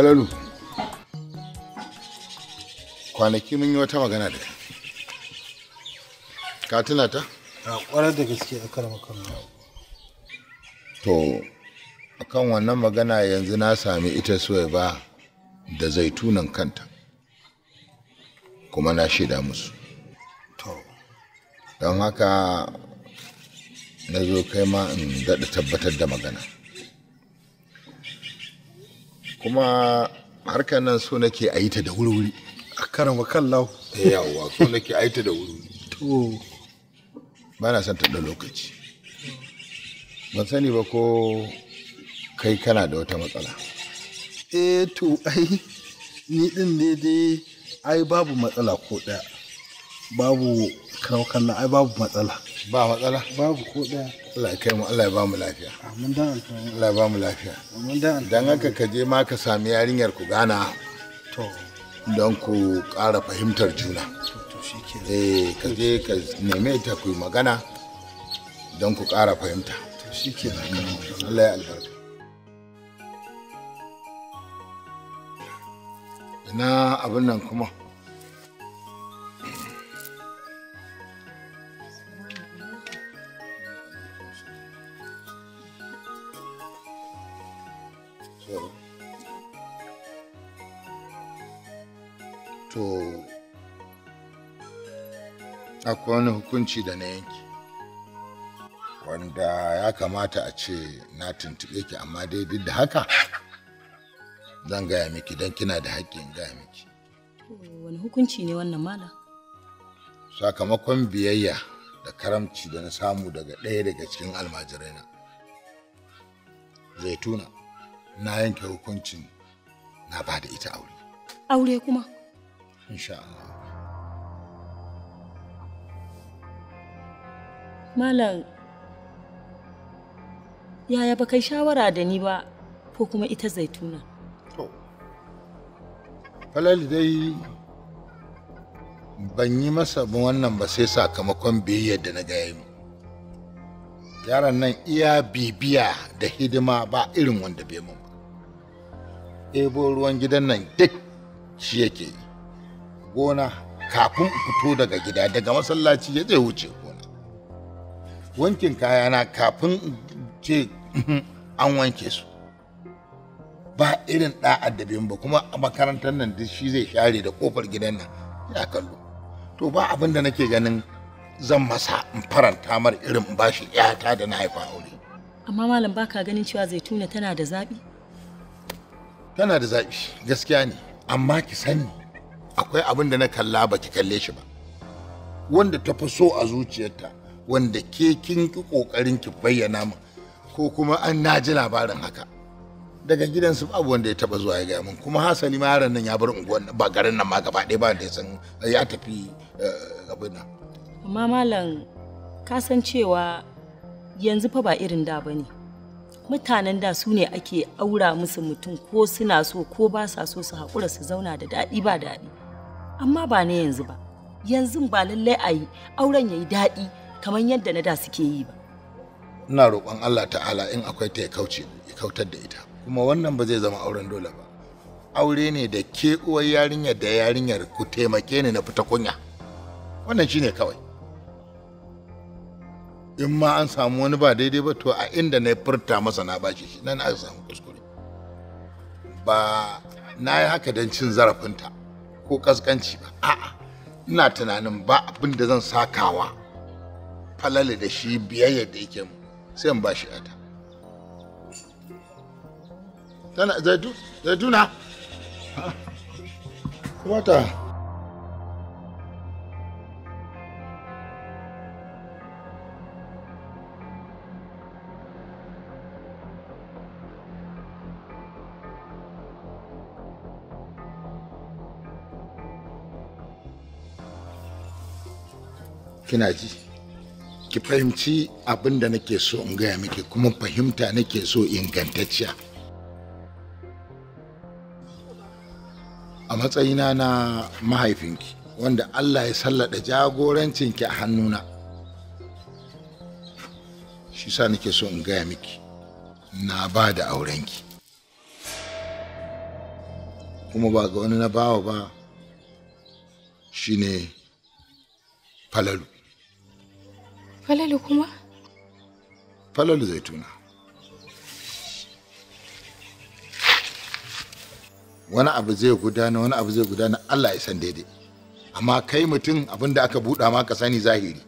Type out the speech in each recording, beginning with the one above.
falalu kwanaki mun yi wata magana da kai ka tuna ta a kwarar da gaske a kan to akan wannan magana yanzu na sami ita soya ba da zaitunan kanta kuma na shaida musu to don haka na zo kai ma in daɗa tabbatar da magana kuma harkar nan so nake a yi ta da wuri-wuri a lau. kallau eh, yawa so nake a yi ta da wuri to ba na son taɗa lokaci ban sani ba ko kai kana da wata matsala eh to ai ni din ne dai ai babu matsala ko ɗaya babu na ai babu matsala ba matsala babu ko daya Allah ya kai mu Allah ya ba mu lafiya amin dan alfahari Allah ya ba mu lafiya amin dan alfahari dan haka ka je ma ka sami yarinyar ku gana to don ku ƙara fahimtar juna to shikenan eh ka je ka neme ta ku magana don ku ƙara fahimta to shikenan Allah ya albarka ina abin nan kuma to akwai wani hukunci da na yanki wanda ya kamata a ce na tuntube ki amma dai duk da haka zan gaya miki don kina da haƙƙin gaya miki wani hukunci ne wannan mala sakamakon biyayya da karamci da na samu daga ɗaya daga cikin almajirai na zaituna na yanke hukuncin na ba da ita aure aure kuma insha Allah malam yaya ba kai shawara da ni ba ko kuma ita zaituna فلال دي dai ban yi masa wannan ba sai sakamakon biyayyar da na gaya mu yaran nan iya bibiya da hidima ba irin wanda bai mun ba ruwan gidan nan duk shi yake yi gona kafin fito daga gida daga masallaci ya zai wuce gona wankin kaya na kafin ce an wanke su ba irin da addabin ba kuma a makarantar nan duk shi zai share da kofar gidan nan ya kallo to ba abin da nake ganin zan masa faranta mar irin bashi yata da na haifa aure amma malam baka ganin cewa zai tuna tana da zaɓi tana da zaɓi gaskiya ne amma ki sani akwai abin da na kalla baki kalle shi ba wanda ta fi so a zuciyarta wanda ke kin ki kokarin ki bayyana min ko kuma an naji labarin haka daga gidan su babu wanda ya taba zuwa ya gaya min kuma hasali ma yaron nan ya bar unguwan ba garin nan ma gaba ɗaya ba da ya san eh, ya tafi eh, abin nan amma malam ka san cewa yanzu fa ba irin da bane mutanen da su ne ake aura musu mutum ko suna so ko ba sa so su haƙura su zauna da daɗi ba daɗi amma ba na yanzu ba yanzu ba lallai a yi auren ya yi daɗi kamar yadda na da suke yi ba ina roƙon Allah ta'ala in akwai ta ya kauce ya kautar da ita kuma wannan ba zai zama auren dole ba aure ne da ke uwar yarinyar da yarinyar ku taimake ni na fita kunya wannan shine kawai in ma an samu wani ba daidai ba to a inda na furta masa na bashi shi nan aka samu kuskure ba na yi haka don cin zarafinta ko kaskanci ba a'a ina tunanin ba abin da zan sakawa falale da shi biyayya da yake mu sai in ba shi ata zaitu zaituna kuma ta kina ji ki fahimci abin da nake so in gaya miki kuma fahimta nake so ingantacciya a matsayina na mahaifinki wanda Allah ya sallada jagorancinki a hannuna shi sa nake so in gaya miki na ba da aurenki kuma ba ga wani na bawa ba shine falalu Falalu kuma? Falalu zaituna. Wani abu zai gudana, wani abu zai gudana Allah ya san daidai. Amma kai mutum abin da aka buɗa ma ka sani zahiri.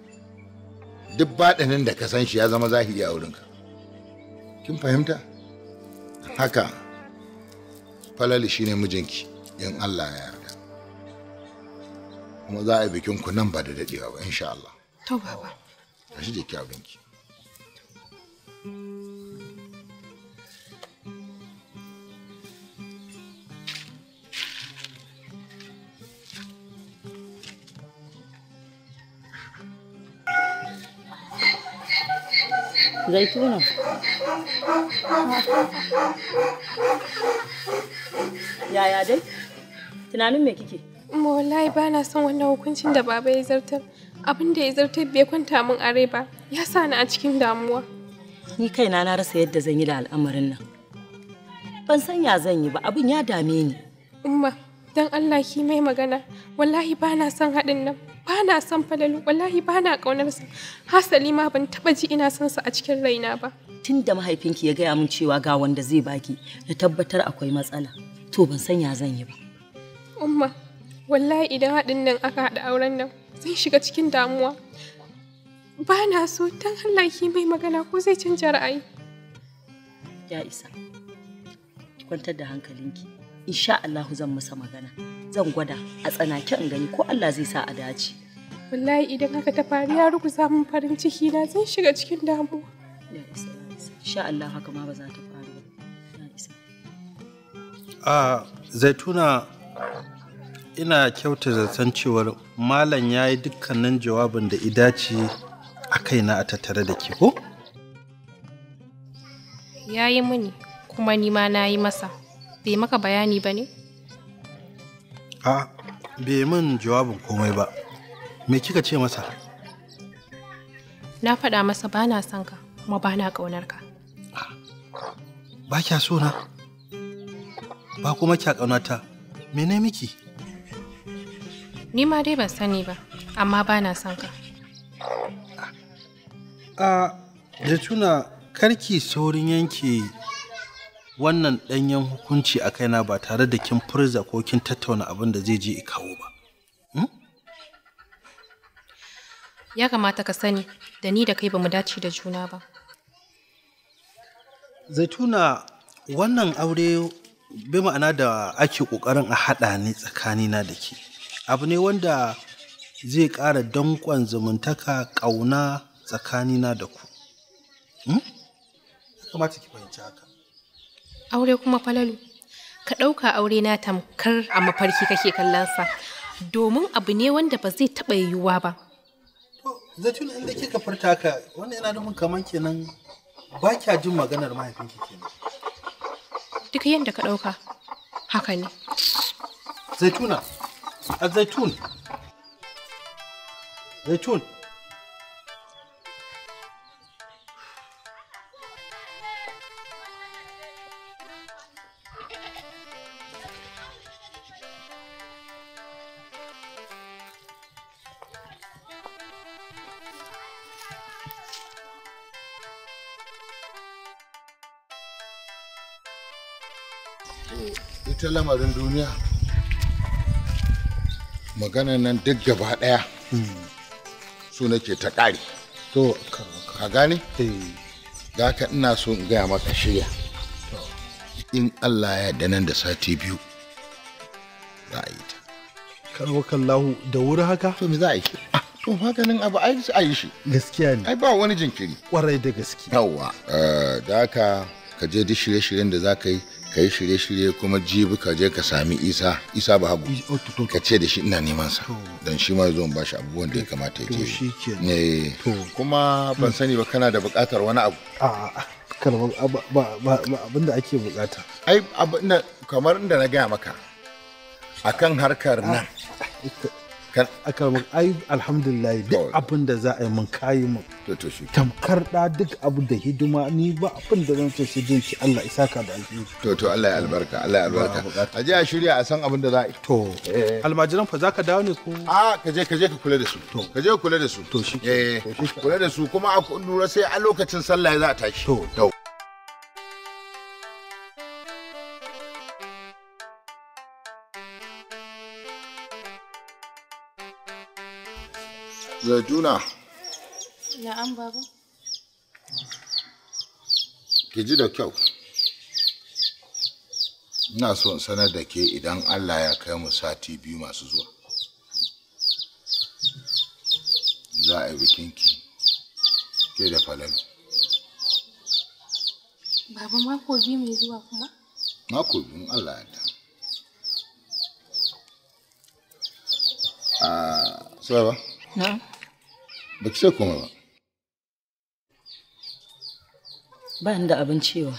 Duk baɗinin da ka san shi ya zama zahiri a wurinka. Kin fahimta? Haka, Falalu shi ne mijinki in Allah ya yarda. Kuma za a yi bikin ku nan ba da daɗewa ba, insha Allah. To, baba. tashi je ki abinki zaituna yaya dai tunanin me kike wallahi ba na son wannan hukuncin da baba ya zartar abin da ya zartar bai kwanta min are ba ya sa ni a cikin damuwa ni kaina na rasa yadda zan yi da al'amarin nan ban san ya zan yi ba abin ya dame ni umma dan Allah ki mai magana wallahi ba na son haɗin nan ba na son falalu wallahi ba na ƙaunarsa hasali ma ban taɓa ji ina son sa a cikin raina ba tun da mahaifinki ya gaya min cewa ga wanda zai baki na tabbatar akwai matsala to ban san ya zan yi ba umma wallahi idan haɗin nan aka haɗa auren nan zai shiga cikin damuwa ba na so don Allah ki mai magana ko zai canja ra'ayi ya isa ki kwantar da hankalinki insha Allah zan masa magana zan gwada a tsanake in gani ko Allah zai sa a dace wallahi idan haka ta faru ya ruguza min farin ciki na zan shiga cikin damuwa ya isa insha Allah haka ma ba za ta faru ba ya isa a ah, zaituna ina kyauta zaton cewar malam ya yi dukkanin jawabin da idace a kaina a tattare da ke ko? Ya yi mini kuma nima na yi masa. Bai maka bayani ba ne? A, bai min jawabin komai ba. Me kika ce masa? Na faɗa masa ba na son ka kuma ba na ƙaunar ka. Ba kya so na? Ba kuma kya ƙaunata. Mene miki? Ni ma dai ban sani ba, amma ba na son ka. A Zaituna karki saurin yanke wannan ɗanyen hukunci a kaina ba tare da kin furza ko kin tattauna abin da zai je kawo ba. Hmm? Ya kamata ka sani da ni da kai ba mu dace da juna ba. Zaituna wannan aure bai ma'ana da ake ƙoƙarin a haɗa ni tsakanina da ke. abu ne wanda zai ƙara danƙon zumuntaka ƙauna tsakanina da ku. Hmm? kamata ki fahimci haka. Aure kuma falalu, ka ɗauka aure na tamkar a mafarki kake kallonsa, domin abu ne wanda ba zai taɓa yiwuwa ba. Zatun inda kika furta ka wannan yana mun kamar kenan ba kya jin maganar mahaifinki kenan. Duk yadda ka ɗauka, haka ne. Zaituna, الزيتون زيتون ita lamarin duniya magana nan duk gaba ɗaya su nake ta kare to ka gane ga eh. ka ina so in gaya maka shirya in allah ya da nan da sati biyu za a yi ta karwakan lahu da wuri haka to me za a yi ah, to maganin abu ai a yi shi gaskiya ne ai ba wani jinkiri kwarai da gaske yawa eh, da ka je duk shirye-shiryen da za ka yi ka yi shirye-shirye kuma jibi ka je ka sami isa isa ba hagu oh, ka ce da shi ina neman sa don shi ma zo ba shi abubuwan da ya kamata ya je ne eh. kuma ban hmm. sani ba kana da bukatar wani abu kalmar abin da ake bukata ai kamar inda na gaya maka akan harkar ah. nan aka mun ai alhamdulillah duk abin da za a yi mun kayi mun tamkar da duk abu da hidima ni ba abin da zan so sai jin Allah isa ka da alheri to to Allah ya albarka Allah ya albarka a je a shirya a san abin da za a yi to eh. almajiran fa zaka dawo ne ko a ka je ka je ka kula da su ka je ka kula da su to shi eh, kula da su kuma a lura sai a lokacin sallah za a tashi to zaituna na'am baba ki ji da kyau ina so in sanar da ke idan allah ya kai mu sati biyu masu zuwa za a yi ki ke da falami baba mako biyu mai zuwa kuma mako biyu allah ya ta a ah, so ba na'am ba sai ce komai ba ba da abin cewa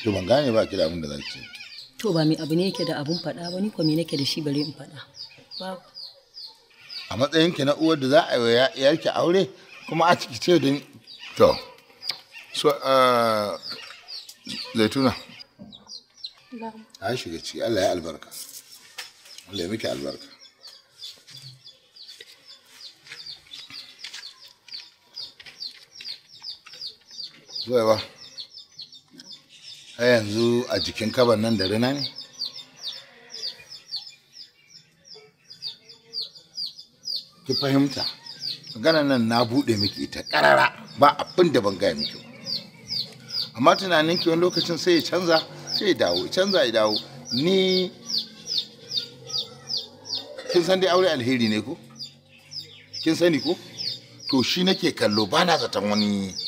to ban gane ba ki da abin da za ki ce to ba mai abu ne yake da abin faɗa ba ni ko me nake da shi bare in faɗa a matsayin ki na uwar da za a yi yarki aure kuma a ciki ce da to so eh, zaituna a shiga ciki Allah ya albarka Allah ya miki albarka zuwa ba yanzu a jikin kaban nan da rina ne ki fahimta maganar nan na buɗe miki ita ƙarara ba abin da ban gaya miki ba amma tunanin ki wani lokacin sai ya canza sai ya dawo canza ya dawo ni kin san dai aure alheri ne ko kin sani ko to shi nake kallo ba na zaton wani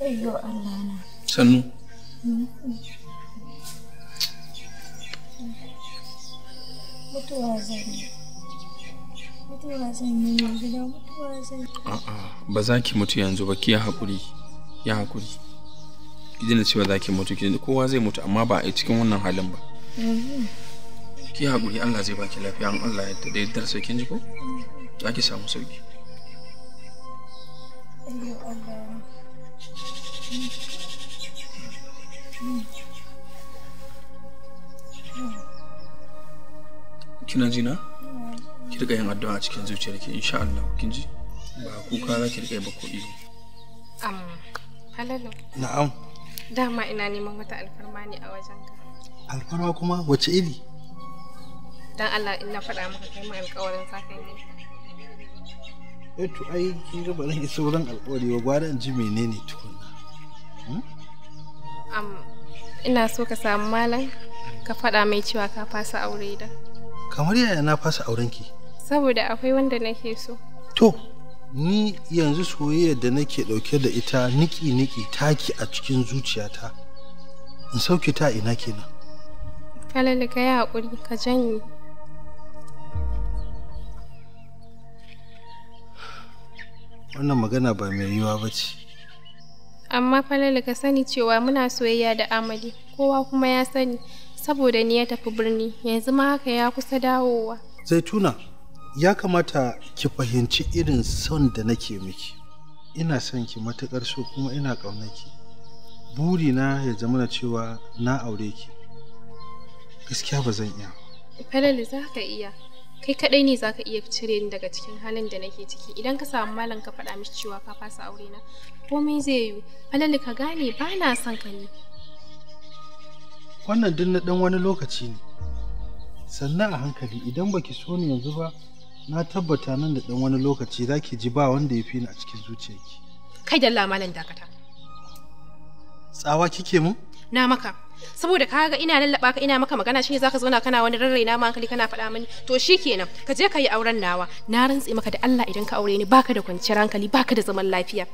Ayyo Allah na. Sannu. Mutuwa zan yi. mutuwa zan yi. A'a ba za ki mutu yanzu ba ki haƙuri. Ya haƙuri. Ki cewa za ki mutu ki kowa zai mutu amma ba a cikin wannan halin ba. Ki haƙuri Allah zai baki lafiya in Allah ya da yardar kin ji ko? Za ki samu sauki. kina ji na ki riga yin addu'a cikin zuciyar ki insha Allah kin ji ba kuka za ki riga yi ba ko iyo am halalo na'am dama ina neman wata alfarma ne a wajenka alfarma kuma wace iri dan Allah ina faɗa maka kai mu alƙawarin saka kai ne eh to ai kin ga ba zan yi sauran alƙawari ba gwara in ji menene tukun ina so ka samu malam ka faɗa mai cewa ka fasa aure da. Kamar yaya na fasa aurenki? Saboda akwai wanda nake so. To, ni yanzu soyayyar da nake ɗauke da ita niki-niki taki a cikin zuciyata. In sauke ta ina kenan. Falalu ka yi haƙuri ka janye. Wannan magana ba mai yiwuwa ba ce. amma Falalu ka sani cewa muna soyayya da Amadi kowa kuma ya sani saboda ni ya tafi birni yanzu ma haka ya kusa dawowa. Zaituna ya kamata ki fahimci irin son da nake miki. Ina son ki matuƙar so kuma ina ƙaunaki. Burina ya zama na cewa na aure ki. Gaskiya ba zan iya. falala za ka iya. Kai kaɗai ne za ka iya cire ni daga cikin halin da nake ciki. Idan ka samu malam ka faɗa mishi cewa ka fasa aure na, komai zai yi falalu ka gane ba na son ka ne wannan duk na dan wani lokaci ne sannan a hankali idan baki so ni yanzu ba na tabbata nan da dan wani lokaci zaki ji ba wanda ya fi ni a cikin zuciyarki kai dalla malam dakata tsawa kike mu na maka saboda ka ga ina lallaba ka ina maka magana shine zaka zauna kana wani rarraina ma hankali kana faɗa mini to shikenan ka je ka yi auren nawa na rantsi maka da Allah idan ka aure ni baka da kwanciyar hankali baka da zaman lafiya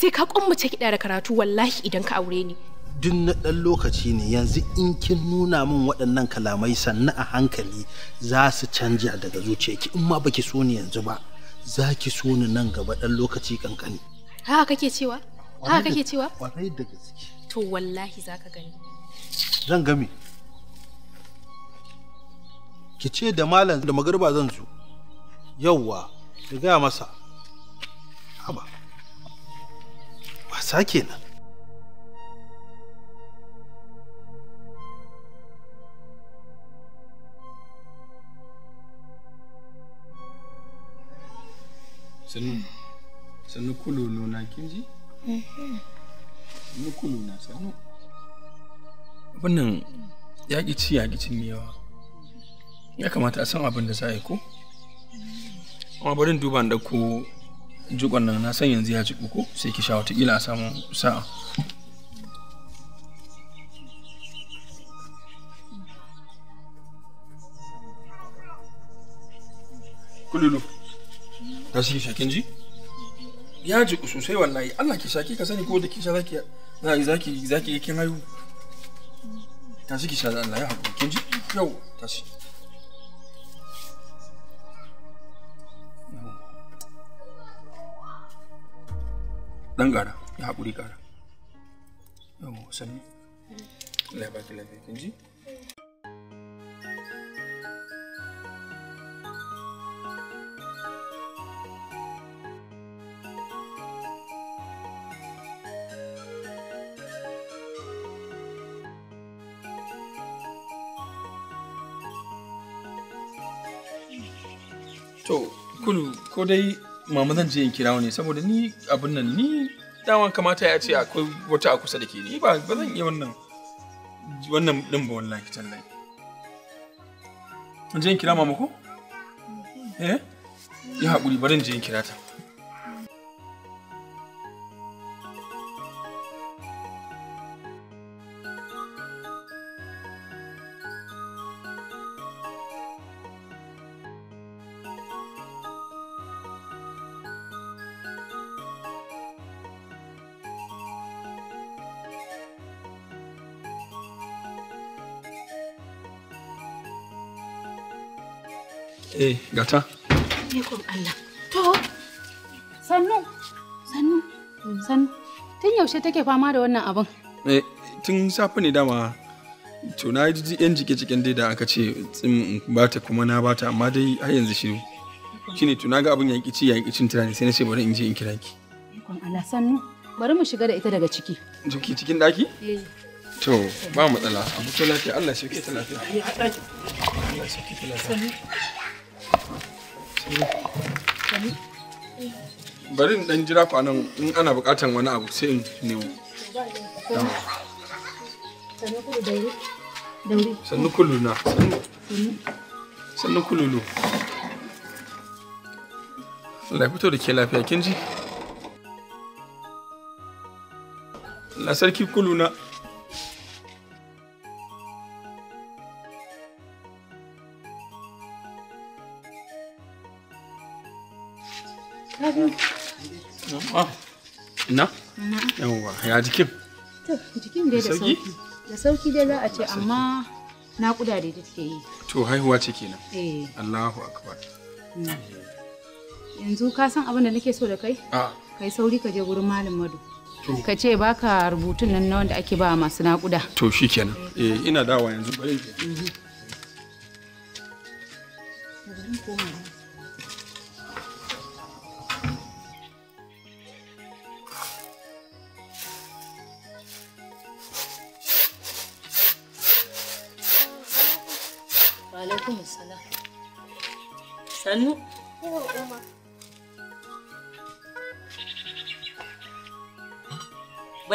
sai ka kwammace kiɗa da karatu wallahi idan ka aure ni duk na ɗan lokaci ne yanzu in kin nuna min waɗannan kalamai sannan a hankali za su canja daga zuciyarki in ma baki so ni yanzu ba za ki so ni nan gaba ɗan lokaci kankani haka kake cewa haka kake cewa kwarai da gaske to wallahi za ka gani zan gami ki ce da malam da magarba zan zo yauwa ki gaya masa ƙasa kenan sannu sannu kululu na kin ji? sannu kululu na sannu abin yaƙi ci yaƙi cin yawa ya kamata a san abin da za a yi ko amma bari duba da ko jikon nan na san yanzu ya ci ko sai ki sha watakila a samu sa'a kululu ta shi shakin ji ya ji jiku sosai wallahi Allah ki shaki ka sani ko da ki sha zaki zaki zaki zaki kin hayu ta shi ki sha Allah ya hakuri kin ji yau ta shi dan gara ya haƙuri gara yau sanni Allah baki lafiya kin ji To, kulu ko dai mamadan je in kira ne saboda ni abin nan ni daman kamata ya ce akwai wata a kusa da ke ni ba ba zan iya wannan wannan din ba wallahi tallahi je in kira mama eh ya haƙuri bari je kira ta gata. Ikon Allah. To, sannu, sannu, sannu. Tun yaushe take fama da wannan abin? Eh, tun safi ne dama to na yi yan jike jiken dai da aka ce tsim ba ta kuma na ba ta amma dai har yanzu shiru shi ne tuna ga abin yanki ci yanki cin tunani sai na ce bari in je in kira ki ikon Allah sannu bari mu shiga da ita daga ciki duki cikin daki eh. to ba matsala abu ta lafiya Allah shi ke ta lafiya Allah shi ke ta lafiya bari in dan jira ku anan in ana bukatan wani abu sai in nemo sannu kulu na sannu kululu Allah fito da ke lafiya kin ji? La sarki kuluna. Ah. Na? Yawwa, ya jikin? jikin dai da sauki. Da sauki dai za a ce amma naƙuda yi. To, haihuwa ce kenan. Eh. Allahu akbar. Yanzu ka san abin da nake so da kai? A. Ah. Kai sauri ka je Malam Ka ce baka rubutun nan na wanda ake ba masu naƙuda. To, eh, ina dawa yanzu bari. Mm-hmm. Bari koma. alaikum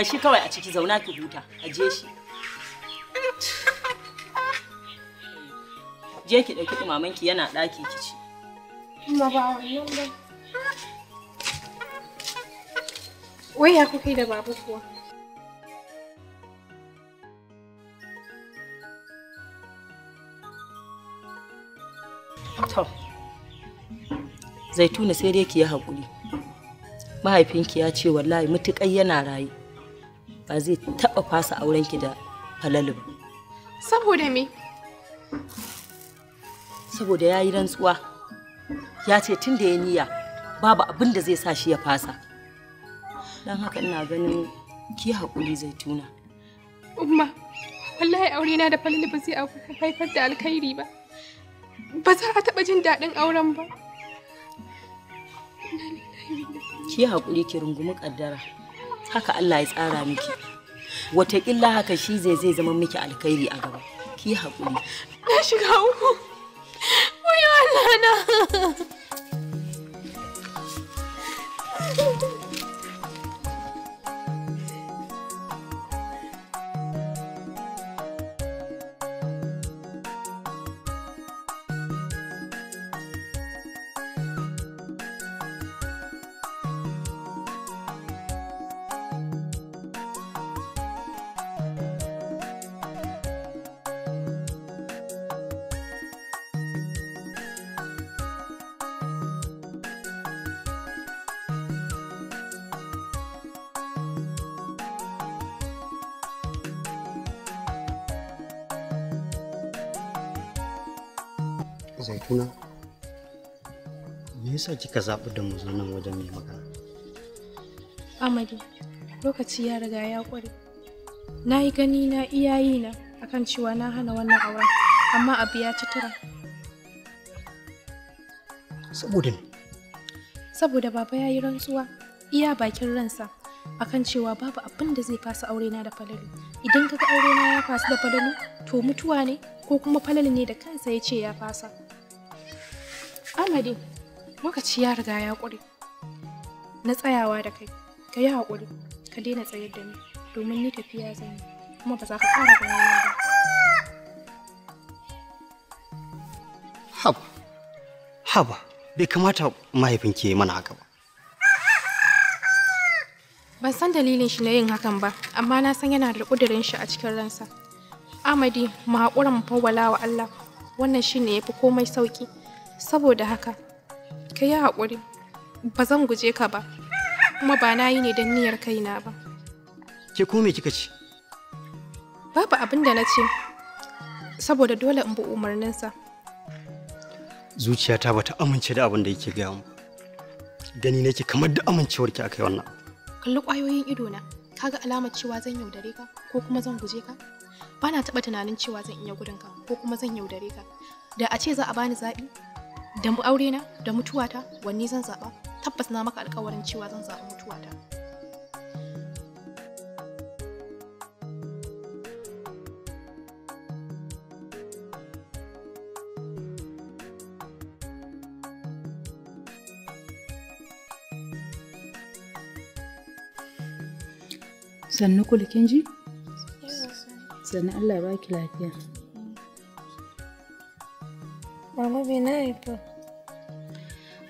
shi kawai a ciki zauna ki huta, aje shi. Je ki ɗauki ɗumamanki yana ɗaki ki ci. Wai ya kuke da babu kuwa? To, zaituna sai dai ki yi hakuri, Mahaifinki ya ce wallahi mutuƙai yana raye. Ba zai taɓa fasa aurenki da halalu Saboda me? Saboda ya yi rantsuwa. Ya ce tun da ya niya babu abin da zai sa shi ya fasa. Don haka ina ganin ki haƙuri zaituna. Umma, wallahi aure na da falalu ba zai haifar da alkhairi ba. ba za a taɓa jin daɗin auren ba. Ki haƙuri ki rungumi ƙaddara, haka Allah ya tsara miki. Wataƙila haka shi zai zai zama miki alkhairi a gaba. Ki haƙuri. Na shiga uku. Wayo Allah na. yasa kika zaɓi da mu nan wajen mai magana? Amadi, lokaci ya riga ya ƙware. Na yi gani na iyayi na akan cewa na hana wannan auren, amma abu ya ci tura. Saboda ne? Saboda baba ya yi rantsuwa, iya bakin ransa akan cewa babu abin da zai fasa aurena da falalu. Idan ka kaga aurena ya fasa da falalu, to mutuwa ne ko kuma falalu ne da kansa ya ce ya fasa. Amadi, lokaci ya riga ya ƙure na tsayawa da kai ka yi haƙuri ka daina tsayar da ni domin ni tafiya zan yi kuma ba za ka ƙara ba haba haba bai kamata mahaifinki ke mana haka ba ban san dalilin shi na yin hakan ba amma na san yana da ƙudurin shi a cikin ransa amadi mu haƙura mu fawwala wa Allah wannan shi shine yafi komai sauƙi saboda haka ka yi haƙuri ba zan guje ka ba kuma ba na yi ne don niyyar kaina ba ke kome kika ce babu abin da na ce saboda dole in bi umarninsa zuciyata bata amince da abin da yake gaya mu gani nake kamar da amincewarki yi wannan kalli ƙwayoyin idona kaga alamar cewa zan yaudare ka ko kuma zan guje ka bana taɓa tunanin cewa zan iya gudun ka ko kuma zan yaudare ka da a ce za a bani zaɓi da mu aure na da mutuwata wanne zan zaɓa tabbas na maka alkawarin cewa zan zaba mutuwata sannu kulkin ji sannu allah ya baki lafiya Mama bai na haifa.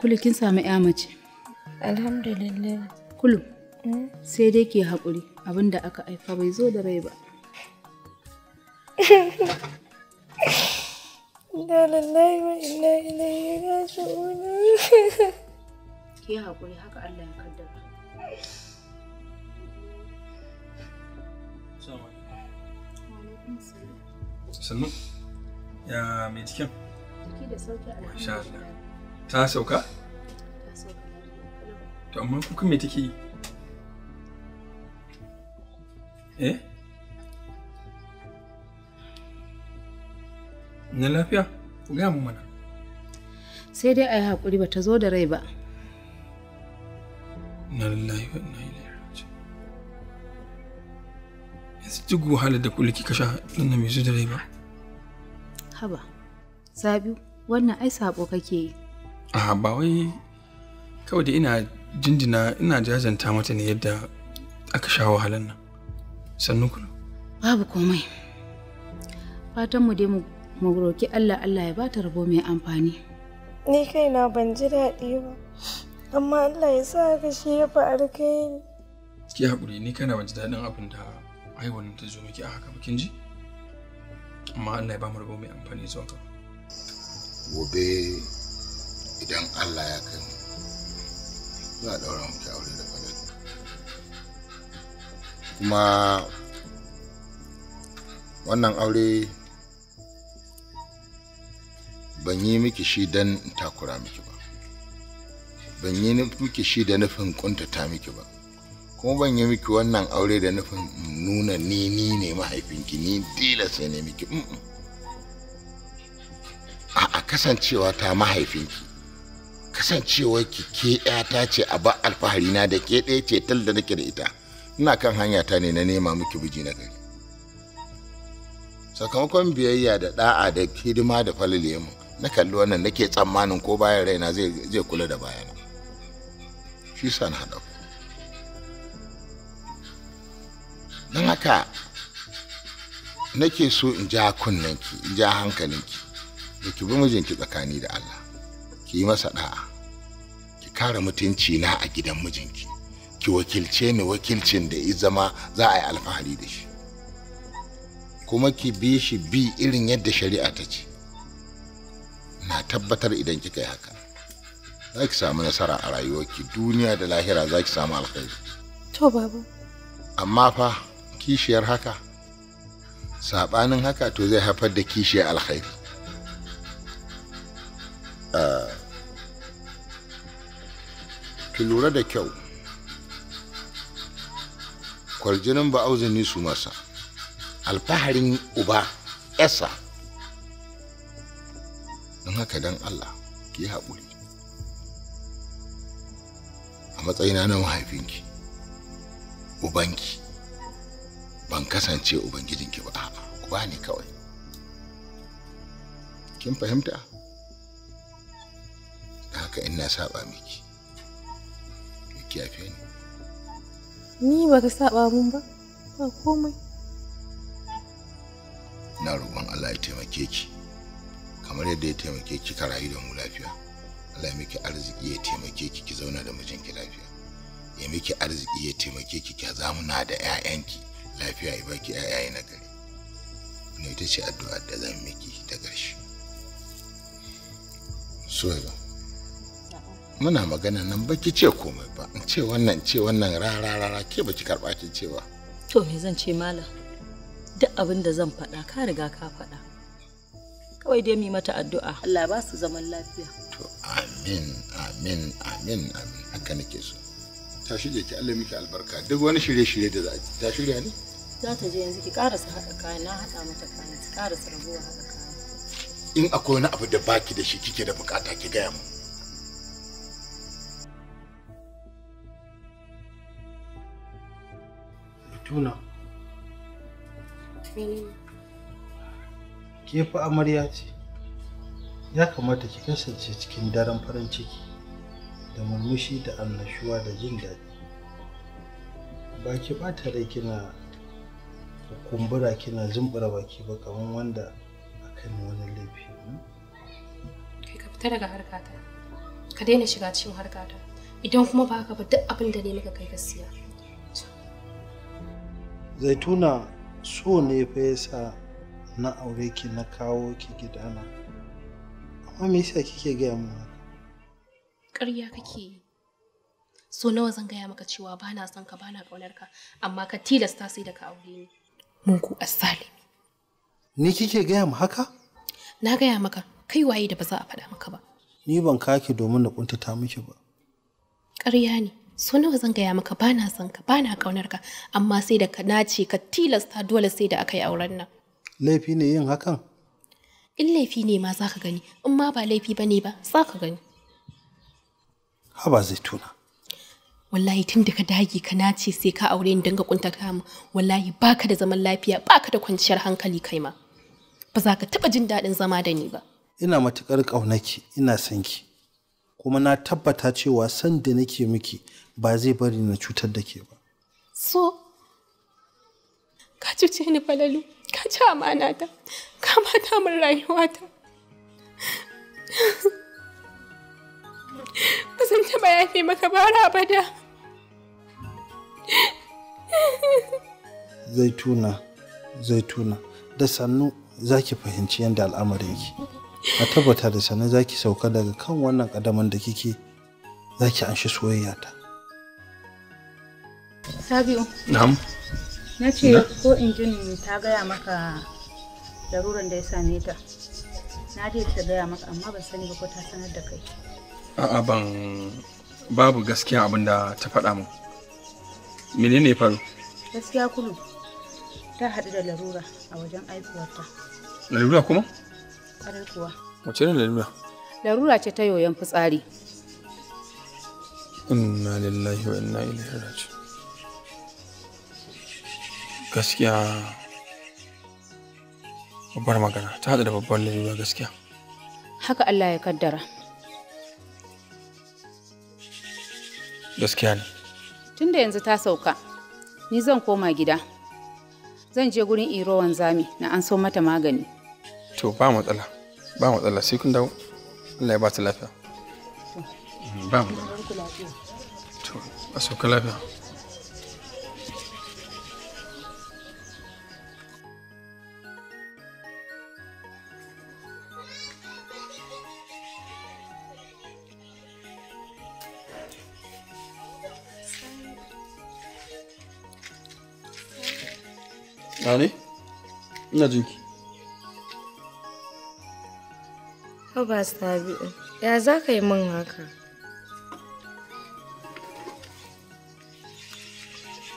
Kulu kin samu ya mace. Alhamdulillah. Kulu. Hmm? Sai dai ke haƙuri abinda aka haifa bai zo da rai ba. Da lallai wa ina ilaihi raji'un. Ke haƙuri haka Allah ya kaddara. Sannu. Ya mai cikin? sauki da sauki alhamdulillah. Ta sauka? Ta sauka. To amma kuka me take yi? Eh? Na lafiya? Ku gaya mana. Sai dai a yi haƙuri ba ta zo da rai ba. Na lallahi wa ina ilaihi raji. Yanzu duk wahalar da kula kika sha nan na mai zo da rai ba. Haba, Sabiu. wannan ai sabo kake yi a ba wai kawai da ina jinjina ina jajanta mata ne yadda aka sha wahalan nan sannu kuma babu komai fatan mu dai mu roki Allah Allah ya bata rabo mai amfani ni kaina ban ji daɗi ba amma Allah ya sa ka shi ya faru kai ki hakuri ni kana ban ji daɗin abin da wannan ta zo miki a haka ba kin ji amma Allah ya ba mu rabo mai amfani zuwa ka gobe idan allah ya kai mu za a ɗaura muke aure da fadar kuma wannan aure ban yi miki shi don takura miki ba ban yi miki shi da nufin kuntata miki ba kuma ban yi miki wannan aure da nufin nuna ni ni ne mahaifinki ni dila sai ne miki mm -mm. a kasancewa ta mahaifinki kasancewar ki ke ta ce a ba alfahari na da ke ɗaya ce tal da nake da ita ina kan hanya ta ne na nema miki biji na kai sakamakon biyayya da ɗa'a da hidima da falale mu na kalli wannan nake tsammanin ko bayan raina zai kula da bayana shi sa na haɗa don haka nake so in ja kunnanki in ja hankalinki da ki bi mijinki tsakani da Allah ki yi masa da'a ki kare mutunci na a gidan mijinki ki wakilce ni wakilcin da zama za a yi alfahari da shi kuma ki bi shi bi irin yadda shari'a ta ce na tabbatar idan kika yi haka za ki samu nasara a rayuwarki duniya da lahira za ki samu alkhairi to babu amma fa kishiyar haka saɓanin haka to zai haifar da kishiyar alkhairi ki lura da kyau kwarjinin ba auzini su masa alfaharin uba esa don haka don allah ki haƙuri a matsayina na mahaifinki ubanki ban kasance ubangijinki ba a'a uba ne kawai kin fahimta haka in na saba miki miki ni ni ba ka saba mun ba ba komai na roƙon Allah ya taimake ki kamar yadda ya taimake ki ka rayu da mu lafiya Allah ya miki arziki ya taimake ki ki zauna da mijinki lafiya ya miki arziki ya taimake ki ki zamuna da 'ya'yanki lafiya ya baki ƴaƴaye na gari ne ita ce addu'ar da zan miki ta ƙarshe so muna magana nan baki ce komai ba in ce wannan ce wannan rara rara ke baki karba ki ce ba to me zan ce malam duk abin da zan faɗa ka riga ka faɗa kawai dai mi mata addu'a Allah ba su zaman lafiya to amin amin amin amin haka nake so ta shirya ki Allah miki albarka duk wani shirye-shirye da za ki ta shirya ne za ta je yanzu ki karasa haɗa kaya, na haɗa mata kaya, ki karasa rabuwa haɗa kaya. in akwai wani abu da baki da shi kike da bukata ki gaya mu Tuna. Ke fa amarya ce. Ya kamata ki kasance cikin daren farin ciki da murmushi da annashuwa da jin daɗi. Ba ki ɓata rai kina kumbura kina zumbura baki ba kamar wanda akan wani laifi. Hmm? Kai ka fita daga harkata. Ka daina shiga cikin harkata. Idan kuma ba ka ba duk abin da ne maka kai gaskiya. siya. zaituna so ne fa yasa na aure ki na kawo ki gidana amma me yasa kike gaya mun ƙarya kake so nawa zan gaya maka cewa ba na son ka ba na ƙaunar ka amma ka tilasta sai da ka aure ni mun ku asali ni kike gaya mu haka na gaya maka kai waye da ba za a faɗa maka ba ni ban kaki domin na kuntata miki ba ƙarya ne so nawa zan gaya maka bana son ka bana kaunar ka amma sai da ka nace ka tilasta dole sai da aka yi auren nan laifi ne yin hakan in laifi ne ma za ka gani in ma ba laifi ba ne ba za ka gani haba tuna. wallahi tun da ka dage ka nace sai ka aure ni dinga kunta mu wallahi baka da zaman lafiya baka da kwanciyar hankali kai ma ba za ka taba jin daɗin zama da ni ba ina matukar ƙaunaki ina son kuma na tabbata cewa san da nake miki ba zai bari na cutar da ke ba. So, ka cuce ni falalu, ka ci amana ta, ka mata min rayuwata. Ba zan taɓa yafe maka bara abada. Zaituna, zaituna, da sannu za ki fahimci yadda yake A tabbata da sannu za ki sauka daga kan wannan ƙadaman da kike za ki anshi soyayya ta. Sabiu. Na'am. Na ce ko injin ta gaya maka daruran da ya same ta. Na je ta gaya maka amma ban sani ba ko ta sanar da kai. A'a ban babu gaskiya abin da ta faɗa min. Menene ya faru? Gaskiya kulu ta haɗu da larura a wajen aikuwarta. Larura kuma? Ƙarar kuwa. Wace ne larura? Larura ce ta yoyon fitsari. Inna lillahi wa inna ilaihi raji. gaskiya babbar magana ta haɗu da babbar lalura gaskiya haka Allah ya kaddara gaskiya ne tunda yanzu ta sauka ni zan koma gida zan je gurin iro wanzami na an so mata magani to ba matsala ba matsala sai kun dawo Allah ya ba ta lafiya ba matsala to lafiya No dzięki. Haba Sabi'u, ya za ka yi haka?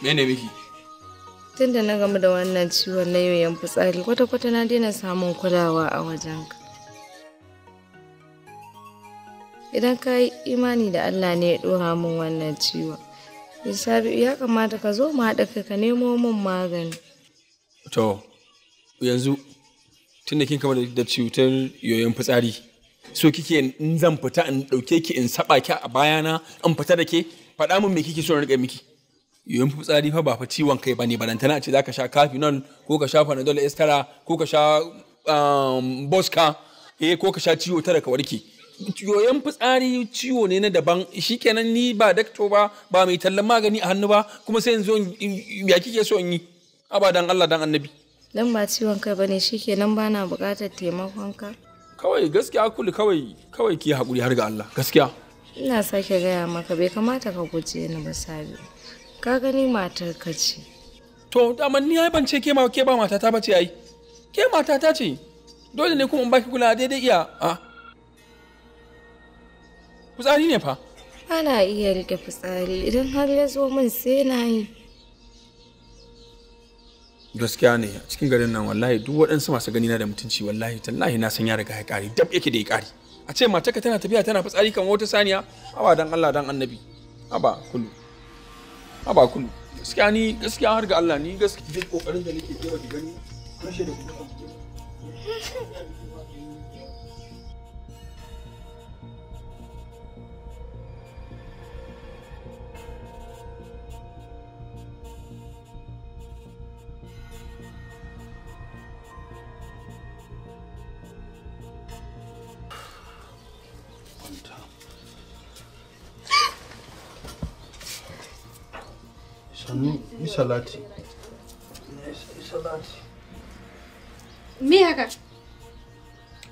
Mene miki? Tun na gamu da wannan ciwon na yoyon fitsari kwata-kwata na daina samun kulawa a wajenka. Idan ka yi imani da Allah ne ya ɗora min wannan ciwon, Sabi'u ya kamata ka zo mu haɗa ka nemo min magani. To, yanzu tun da kin kama da cutar yoyon fitsari so kike in zan fita in ɗauke ki in saba ki a bayana in fita da ke faɗa min me kike so rika miki yoyon fitsari fa ba fa ciwon kai bane balantana a ce zaka sha nan, ko ka sha panadol estara ko ka sha um, boska eh ko ka sha ciwo tara ka warke yoyon fitsari ciwo ne na daban shi kenan ni ba dakto ba ba mai tallan magani a hannu ba kuma sai yanzu ya kike so in yi abadan Allah dan annabi don ba ciwon kai bane shikenan bana buƙatar taimakon ka kawai gaskiya kuli kawai kawai ki hakuri har ga Allah gaskiya ina sake gaya maka bai kamata ka guje ni ba sabi ka gani matar ka ce to daman ni ai ban ce ke ma ke ba mata ta bace ai ke mata ta ce dole ne kuma in baki kula daidai iya a fitsari ne fa ana iya rike fitsari idan har ya zo min sai na yi gaskiya ne a cikin garin nan wallahi duk waɗansu masu gani na da mutunci wallahi tallahi na san ya riga ya ƙari dab yake da ya ƙari a ce ka tana tafiya tana fitsari kan wata saniya aba dan Allah dan annabi aba kullu aba kullu gaskiya ni gaskiya har ga Allah ni gaskiya duk kokarin da nake yi wa gani rashe da kuma ni yi salati yi salati me haka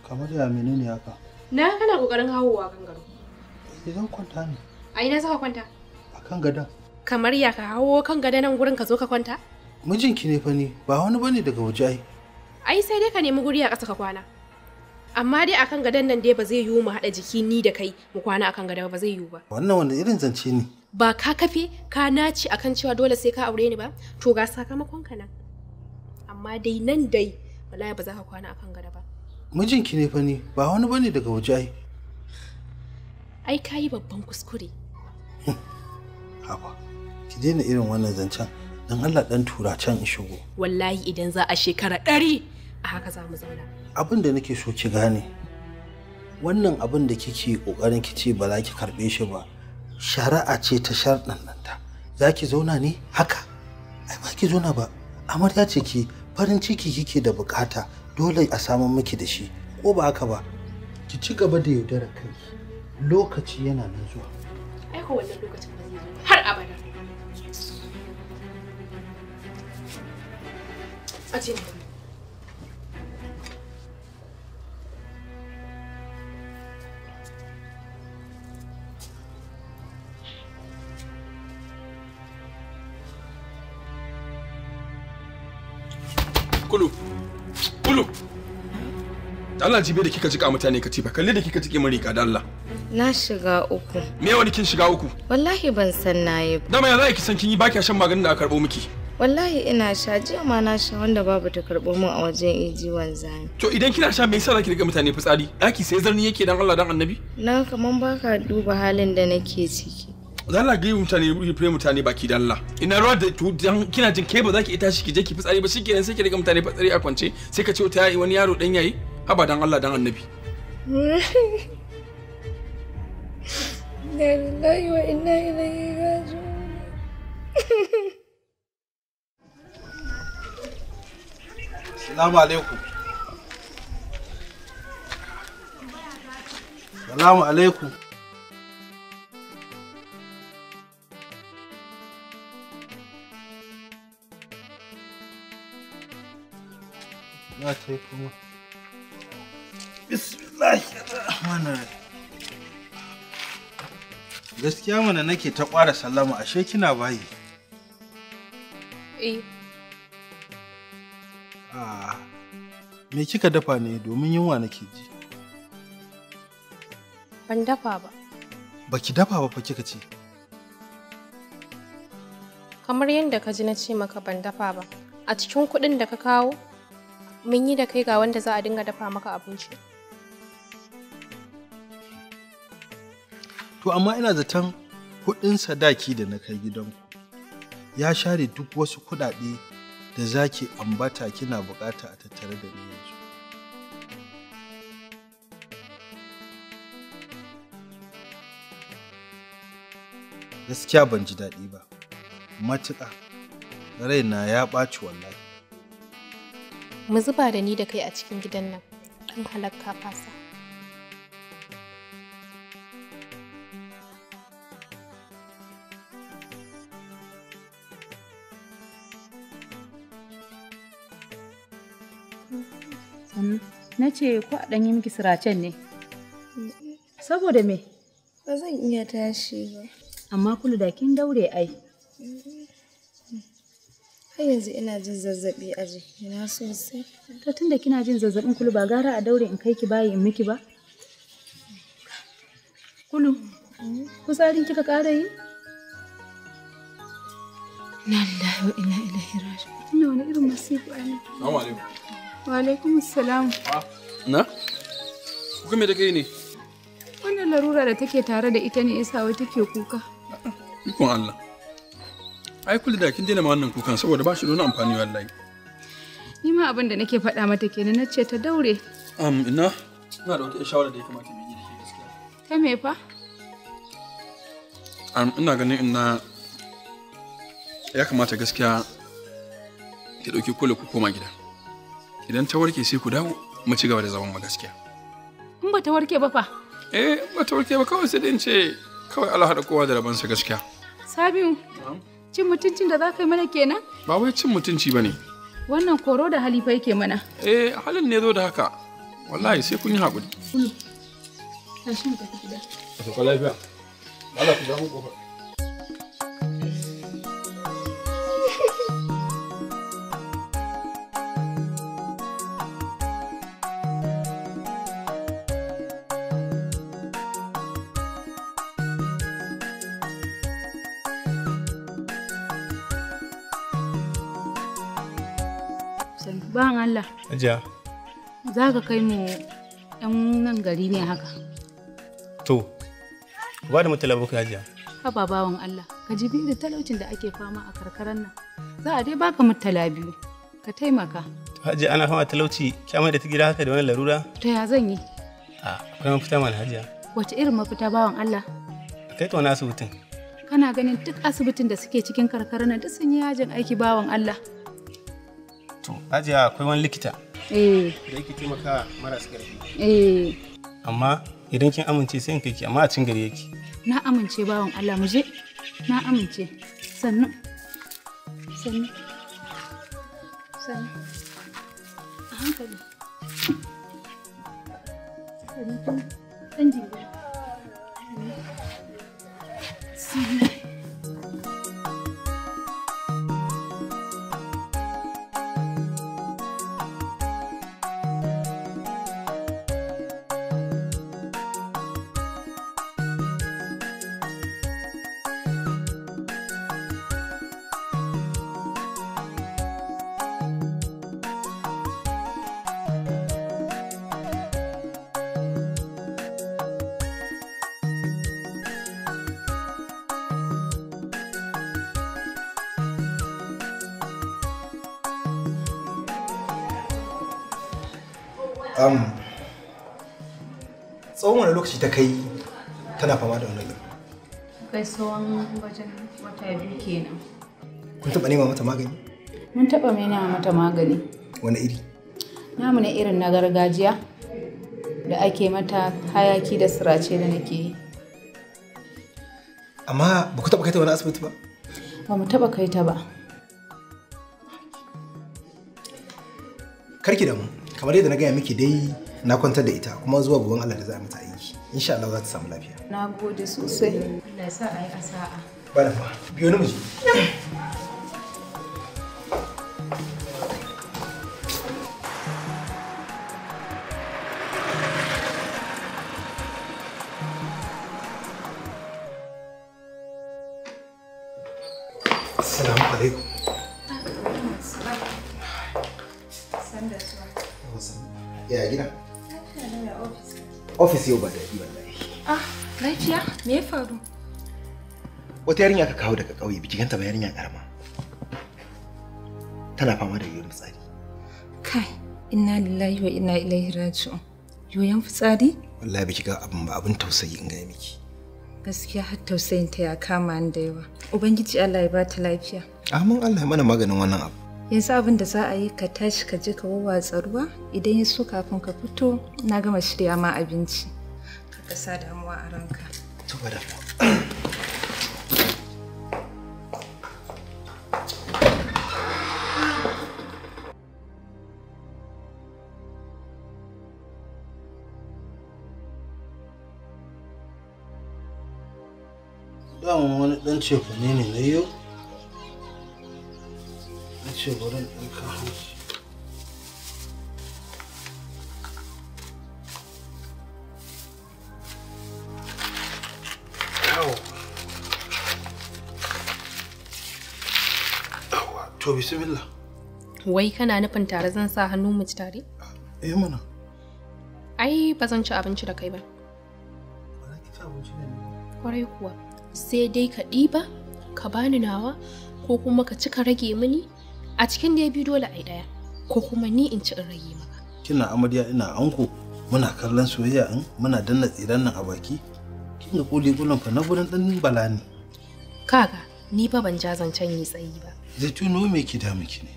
kamar ya menene haka na kana kokarin a kan gado idan eh, kwanta ne a ina saka kwanta a kan gadon kamar ya ka hawo kan gadon nan gurin ka zo ka kwanta mijinki ne fa ni ba wani bane daga waje ai ai sai dai ka nemi guri a ƙasa ka kwana amma dai akan gadon nan dai ba zai yiwu mu haɗa jiki ni da kai mu kwana akan gadon ba zai yiwu ba wannan wanda irin zance ne ba ka kafe ka naci akan cewa dole sai ka aure ni ba to ga sakamakon ka nan amma dai nan dai wallahi ba za ka kwana akan gada ba mijinki ne fa ni ba wani bane daga waje ai kai kayi babban kuskure haba ki daina irin wannan zancen dan Allah dan tura can in shigo wallahi idan za a shekara ɗari a haka za mu zauna abin da nake so ki gane wannan abin da kike kokarin ki ce ba za ki karbe shi ba shari'a ce ta ɗanɗanta za ki zauna ne haka ai ba ki zauna ba amarya ce ki farin ciki kike da bukata dole a samu miki da shi ko ba haka ba ki ci gaba da yaudara kai lokaci yana nan zuwa ai ko wannan lokacin ba zai zo har abada a Kulu. Kulu. Da Allah jibe da kika jika mutane ka ba kalle da kika jike mun rika da Allah. Na shiga uku. Me wani kin shiga uku? Wallahi ban san nayi ba. Dama ya za ki san kin yi baki shan maganin da aka karbo miki. Wallahi ina sha jiya ma na sha wanda babu ta karbo min a wajen eji wanzani. To idan kina sha me yasa za ki riga mutane fitsari? Daki sai zarni yake dan Allah dan Annabi? Na kaman baka duba halin da nake ciki. Allah ga mutane rufe mutane baki dalla ina ruwa da kina jin kai ba za ki ita shi ki je ki fitsari ba shikenan sai ki riga mutane fitsari a kwance sai ka ce ta yi wani yaro dan yayi haba dan Allah dan annabi Na wa inna ilaihi raji'un Salamu alaikum. Salamu alaikum. za ta yi kuma gaskiya mana nake ta ƙwara sallama ashe kina bayi eh ah me kika dafa ne domin yunwa nake ji ban dafa ba baki dafa ba fa kika ce kamar yadda ka ji na ce maka ban dafa ba a cikin kuɗin da ka kawo mun yi da kai ga wanda za a dinga dafa maka abinci. To amma ina zaton kuɗin sadaki da na kai gidanku ya share duk wasu kuɗaɗe da zaki ambata kina bukata a tattare da ni Gaskiya ban ji daɗi ba, matuƙa, raina ya ɓaci wallahi. mu zuba da ni da kai a cikin gidan nan ɗan halakka fasa na ce ko a ɗanyi miki siracen ne saboda me ba zan iya tashi ba amma kulu da kin daure ai mm-hmm. har yanzu ina jin zazzabi a jikina sosai to tunda kina jin zazzabin kulu ba gara a daure in kai ki bayi in miki ba kulu kusarin kika ƙara yi lallahi wa ina ilahi raji ina wani irin masifu a ne wa alaikum salam na kuka me da kai ne wannan larura da take tare da ita ne yasa wai take kuka ikon Allah ai kulli da kin dena ma wannan kukan saboda ba shi da amfani wallahi ni ma abin da nake faɗa mata kenan na ce ta daure am ina ina da wata shawara da ya kamata mu yi da ke gaskiya ta me fa am ina ganin ina ya kamata gaskiya ki dauki kula ku koma gida idan ta warke sai ku dawo mu ci gaba da zaman mu gaskiya in ba ta warke ba fa eh ba ta warke ba kawai sai dai in ce kawai Allah haɗa kowa da rabansa gaskiya sabiu Cin mutuncin da za ka yi mana kenan? Ba wai cin mutunci ba ne. Wannan koro da halifa yake mana. Eh, halin ne zo da haka. Wallahi sai kun yi haƙuri. mu tafi gida. Ka lafiya. Allah ku ƙofar. Ajiya. Za ka kai mu ɗan nan gari ne haka. To, ba da mutala baka hajiya. Haba bawan Allah, ka ji da talaucin da ake fama a karkarar nan. Za a dai baka mutala biyu, ka taimaka. Hajiya ana fama talauci, kyamai da ta gida haka da wani larura? To ya zan yi? A, akwai mafita mana hajiya. Wace irin mafita bawan Allah? Kai ta wani asibitin. Kana ganin duk asibitin da suke cikin karkarar nan duk sun yi yajin aiki bawan Allah. To, Hajiya akwai wani likita. Eh. Da yake taimaka marasa ƙarfi. Eh. Amma idan kin amince sai in kai ki amma a cin gari yake. Na amince bawan Allah mu je. Na amince. Sannu. Sannu. Sannu. A hankali. Sannu. Sannu. Sannu. wani lokaci ta kai tana fama da wannan kai tsawon wajen wata biyu kenan kun taɓa nema mata magani mun taɓa nema mata magani wani iri namu ne irin na gargajiya da ake mata hayaki da sirace da nake yi amma ba ku taɓa kai ta wani asibiti ba ba mu taɓa kai ta ba karki da mu kamar yadda na gaya miki dai na kwantar da ita kuma zuwa gaban Allah da za a mata insha Allah za ta samu lafiya na gode sosai Allah ya sa a yi asa'a bana fa biyo ni mu wata yarinya ka kawo daga ƙauye biki ganta ba yarinya karama tana fama da yoyon fitsari kai inna lillahi wa inna ilaihi raji'un yoyon fitsari wallahi biki ga abin ba abin tausayi in gaya miki gaskiya har tausayin ta ya kama ni da yawa ubangiji Allah ya bata lafiya amin Allah ya mana maganin wannan abu yanzu abin da za a yi ka tashi ka je ka wawwatsa ruwa idan ya so kafin ka fito na gama shirya ma abinci ka kasa damuwa a ranka to ba ɗan cefane ne na yau na ce bari in ɗan kawo shi To bismillah. Wai kana nufin tare zan sa hannu mu ci tare? Eh mana. Ai ba zan ci abinci da kai ba. Ba za ki ci abinci ne. Kwarai kuwa. sai dai ka ɗiba ka bani nawa ko kuma ka cika rage mini a cikin da bi dole a ɗaya ko kuma ni in ci in rage maka. kina amarya ina anko muna kallon soyayya in muna danna tsiran nan a baki kin ga kuli kulan fa na gurin dan bala ne kaga ni fa ban ja zancen yi tsayi ba tuno me ki da miki ne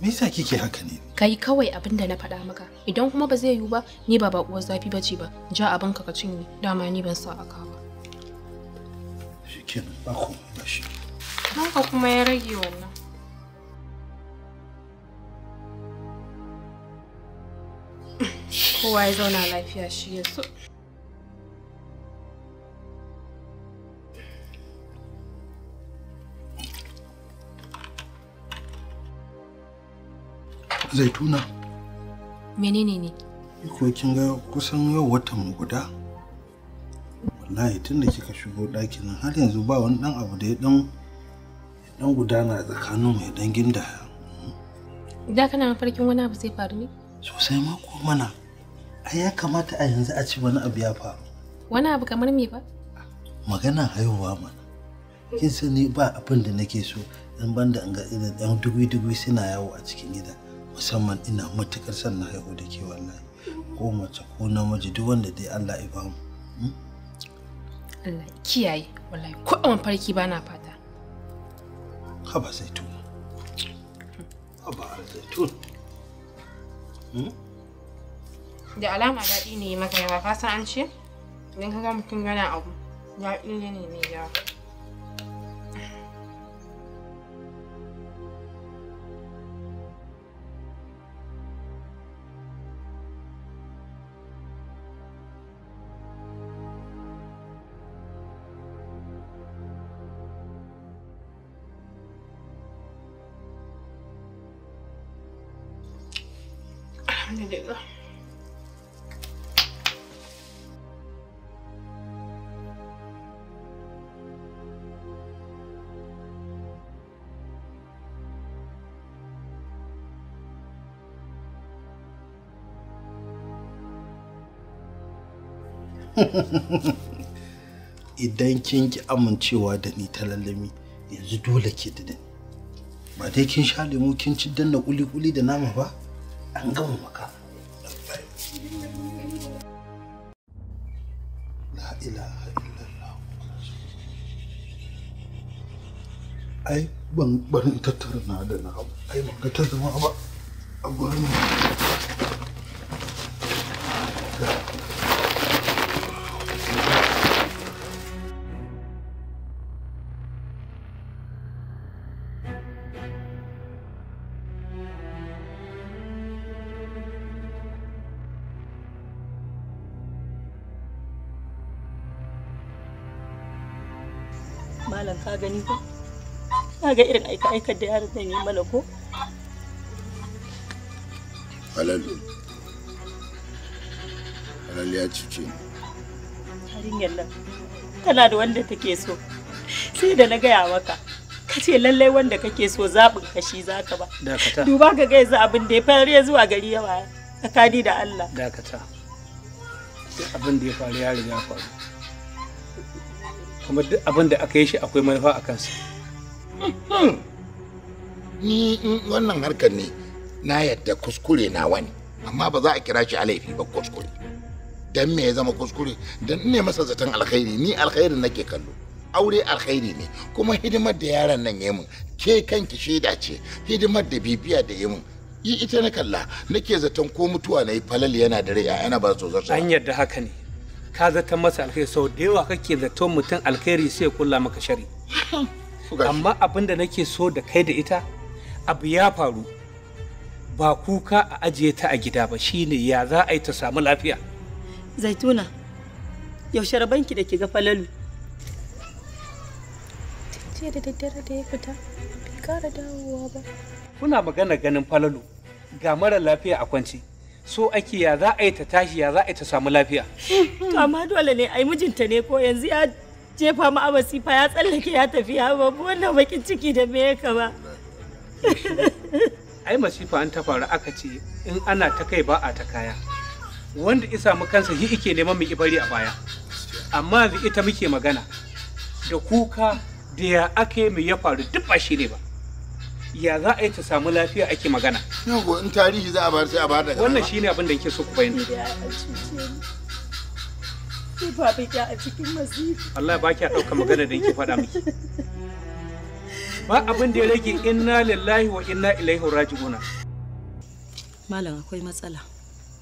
me yasa kike haka ne kai kawai abin da na faɗa maka idan kuma ba zai yiwu ba ni ba ba uwar zafi bace ba ja abin ka ka cinye dama ni ban sa aka ba kenan ba ku ba shi haka kuma ya rage wannan kowa ya zauna lafiya shi ya so zaituna menene ne ko kin ga kusan yau watan guda wallahi tun da kika shigo ɗakin nan har yanzu ba wani ɗan abu da ya ɗan ɗan gudana tsakanin mai ɗan ginda idan kana mafarkin wani abu zai faru ne sosai ma ko mana ai ya kamata a yanzu a ci wani abu ya faru wani abu kamar me ba magana haihuwa mana kin sani ba abin da nake so in banda in ga irin ɗan dubi-dubi suna yawo a cikin gida musamman ina matuƙar son na haihu da ke wallahi ko mace ko namiji duk wanda dai Allah ya bamu hmm? Allah kiyaye wallahi ko a farki bana fata haba zaitun haba zaitun hmm? da alama daɗi ne maka yawa ka san an ce idan ka ga mutum yana abu daɗi ne mai yawa idan kin ki amincewa da ni ta lallami yanzu dole ke da ni ba dai kin sha lemu kin ci danna kuli-kuli da nama ba an gama maka ai ban barin tattara na da na abu ai ban ga ta zama ba a gurin Malam ka gani ba? ga irin aika-aikar da yaran nan yi mana ko halal halal ya cuce ni harinyar nan tana da wanda take so sai da na gaya maka ka ce lallai wanda kake so zaɓin kashi shi za ka ba duba ga gaiza abin da ya fara zuwa gari yawa tsakani da Allah dakata abin da ya faru ya riga faru kuma duk abin da aka yi shi akwai manufa a kansa ni wannan harkar ne na yadda kuskure na wani amma ba za a kira shi a ba kuskure dan me ya zama kuskure dan ne masa zaton alkhairi ni alkhairi nake kallo aure alkhairi ne kuma hidimar da yaron nan yayi mun ke kanki shaida ce hidimar da bibiya da yayi mun yi ita na kalla nake zaton ko mutuwa na yi falal yana da rai yana ba su zarta an yadda haka ne ka zata masa alkhairi sau da yawa kake zaton mutum alkhairi sai ya kulla maka shari amma abin da nake so da kai da ita abu ya faru ba kuka a ajiye ta a gida ba shine ya za a yi ta samu lafiya zaituna yaushe rabanki da ke ga falalu jiya da daddare da ya fita bai kara dawowa ba kuna magana ganin falalu ga mara lafiya a kwanci so ake ya za a yi ta tashi ya za a yi ta samu lafiya to amma dole ne ai mijinta ne ko yanzu ya jefa mu a masifa ya tsallake ya tafi ya babu wannan bakin ciki da me ya kama ai masifa an ta faru aka ce in ana ta kai ba a ta kaya wanda isa mu kansa shi ike neman mu ibari a baya amma yanzu ita muke magana da kuka da ya ake mu ya faru duk ba shi ne ba ya za a yi ta samu lafiya ake magana. Yau in tarihi za a bar sai a bar da Wannan shine abin da yake so ku bayyana. Ni ba bida a cikin masifa. Allah ba ki ɗauka magana da yake faɗa miki. Ba abin da ya rage inna lillahi wa inna ilaihi raji'una. Malam akwai matsala.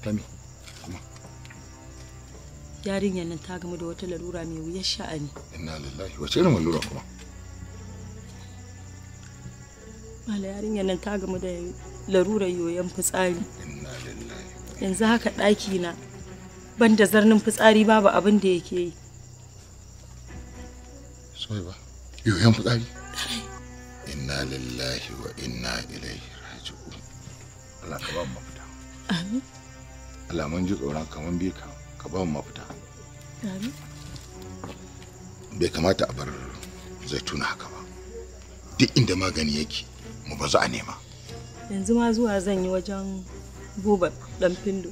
Fami. Yarinyar nan ta gamu da wata larura mai wuyar sha'ani. Inna lillahi wace irin larura kuma? Mala yarinyar nan ta gamu da larurar yoyon fitsari. Inna lillahi. Yanzu haka ɗaki na ban da zarnin fitsari babu abin da yake yi Sai ba yoyon fitsari inna lillahi wa inna ilaihi raji'un Allah ka ba mu mafita amin Allah mun ji tsoron kaman bi ka ka ba mu mafita amin bai kamata a bar zaituna haka ba duk inda magani yake mu bazu a nema yanzu ma zuwa zan yi wajen buba dan findo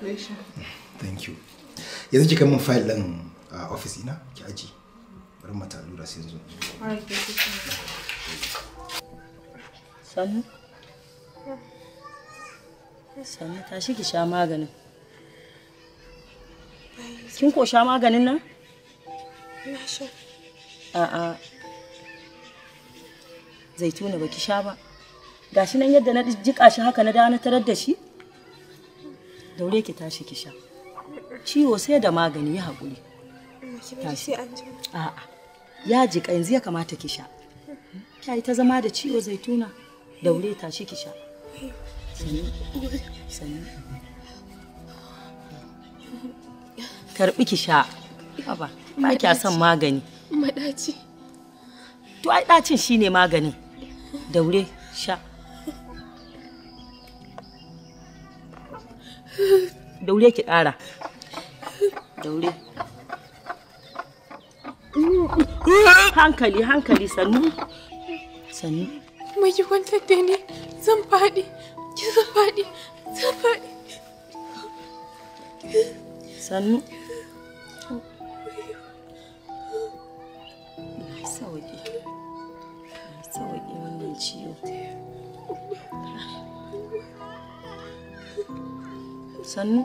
Congratulations. Thank you. Yanzu kika mun file din a office ina ki aji. Bari sai Sannu. Sannu tashi ki sha maganin. Kin ko sha maganin nan? Na sha. A'a. baki sha ba. Gashi nan yadda na jika shi haka na da na tarar da shi. daure ki tashi ki sha ciwo sai da magani ya haƙuri tashi a'a ya jika yanzu ya kamata ki sha ta yi ta zama da ciwo zaituna daure tashi ki sha karbi ki sha haba ba kya son magani madaci to ai dacin shine maganin daure sha daure ki ƙara daure hankali hankali sannu sannu mai kwantar da ni zan faɗi ki zan faɗi zan faɗi sannu sauƙi sauƙi wannan ciwo sannu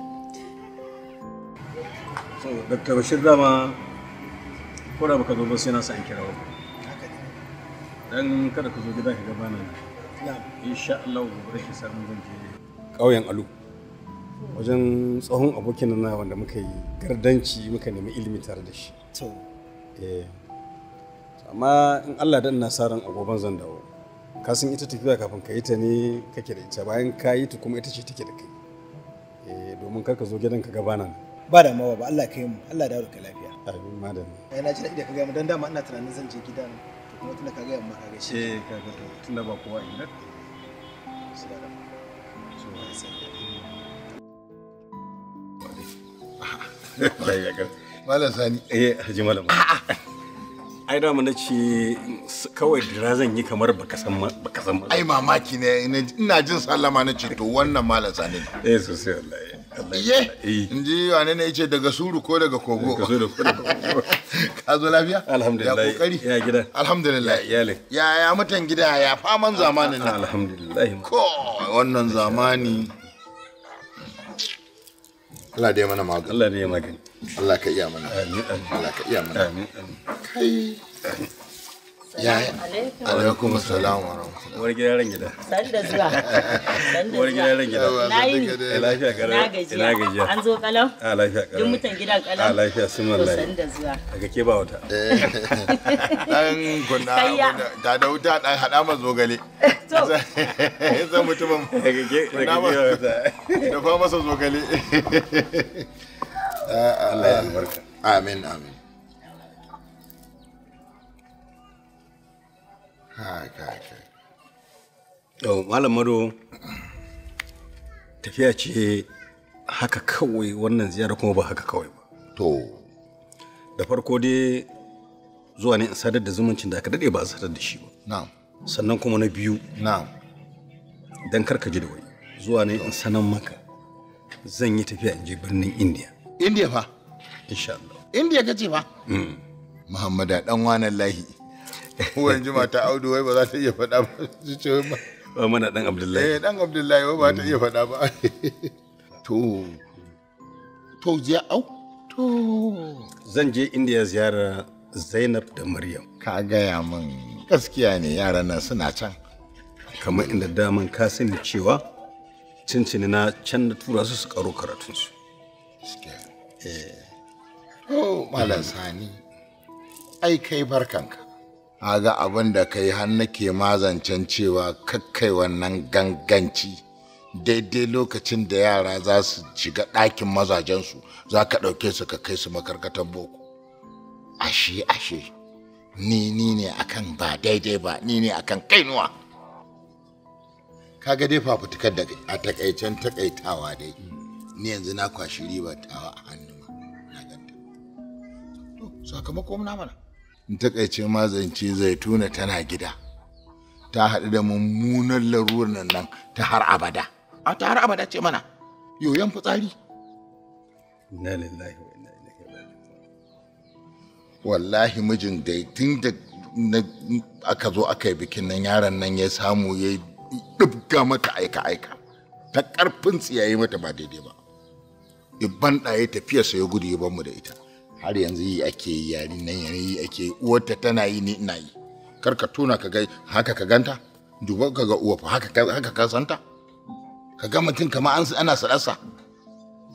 so dr bashir dama ko da baka zo ba sai na san kira ba dan kada ka zo gida ka gaba nan insha Allah gobe ki samu zan je ƙauyen alu wajen tsohon abokin na wanda muka yi gardanci muka nemi ilimi tare da shi eh. amma in Allah dan na saran agoban zan dawo ka san ita tafiya kafin ka yi ta ne kake da ita bayan ka yi ta kuma ita ce take da kai Eh, domin kar ka zo gidan ka gaba nan ba da mawa ba Allah kai mu Allah dawo ka lafiya amin madam eh na ji da ka ga mu dan dama ina tunanin zan je gidan to kuma tunda ka ga mu ka ga shi eh ka ga to tunda ba kowa ina sai da so sai Malam Sani. Eh, Haji Malam. A'a. ai da na ce kawai dira zan yi kamar baka san baka san ai mamaki ne ina jin sallama na ce to wannan malam sani eh so sai wallahi ye eh. in ji wane ne yace daga suru ko daga kogo ka zo da kogo ka zo lafiya alhamdulillah ya kokari ya gida alhamdulillah iyale ya ya mutan gida ya faman zamanin nan alhamdulillah ko wannan zamani Allah da ya mana magani Allah da ya magani Allah ka iya mana Allah ka iya mana kai alaikum assalam wa rahmatullahi gida san da zuwa gida eh, gida na lafiya an zo kalau a ah, lafiya garau duk mutan gidan ah, da zuwa daga ke eh, da da wuta hada ma masa zogale Allah ya albarka amin amin Malam Mado tafiya ce haka kawai wannan ziyara kuma ba haka kawai ba. To. Da farko dai zuwa ne in sadar da zumuncin da aka daɗe ba a sadar da shi ba. Na'am. Sannan kuma na biyu. Na'am. Dan ka ji da wani. Zuwa ne in sanan maka zan yi tafiya in je birnin India. indiya fa insha Allah indiya kace fa hmm. a dan wanan lahi wani juma ta audu wai ba za ta iya faɗa ba su ce ba ba mana dan abdullahi eh dan abdullahi wai ba ta hmm. iya faɗa ba to to je au to zan je indiya ziyara zainab da maryam ka gaya min gaskiya ne yaran nan suna can kamar inda daman ka sani cewa cincini na can da tura su su karo karatunsu. Eh. Oh, Malam Sani, ai kai barkanka. A ga abin da kai har nake mazancen cewa kakkai wannan ganganci daidai lokacin da yara za su shiga ɗakin mazajensu za ka ɗauke su ka kai su makarkatan boko. Ashe, ashe, ni ni ne akan ba daidai ba, ni ne akan kainuwa. Kaga dai fafutukar da a takaicen takaitawa dai, ni yanzu na kwashi riba tawa a hannu. Sakamakon namana. mana in takaice ma zance zaituna tana gida ta haɗu da mummunan larurar nan ta har abada a ta har abada ce mana yoyon fitsari inna lillahi wa inna ilaihi wallahi mijin da tun da aka zo aka yi bikin nan yaron nan ya samu ya dubga mata aika aika ta karfin tsiyaye mata ba daidai ba ibban ɗaya tafiyarsa ya gudu ya mu da ita har yanzu yi ake yi yari nan yi ake yi uwarta tana yi ni ina yi kar ka tona ka gai haka ka ganta duba ka ga uwa haka haka ka santa ka ga mutum kamar an ana sarasa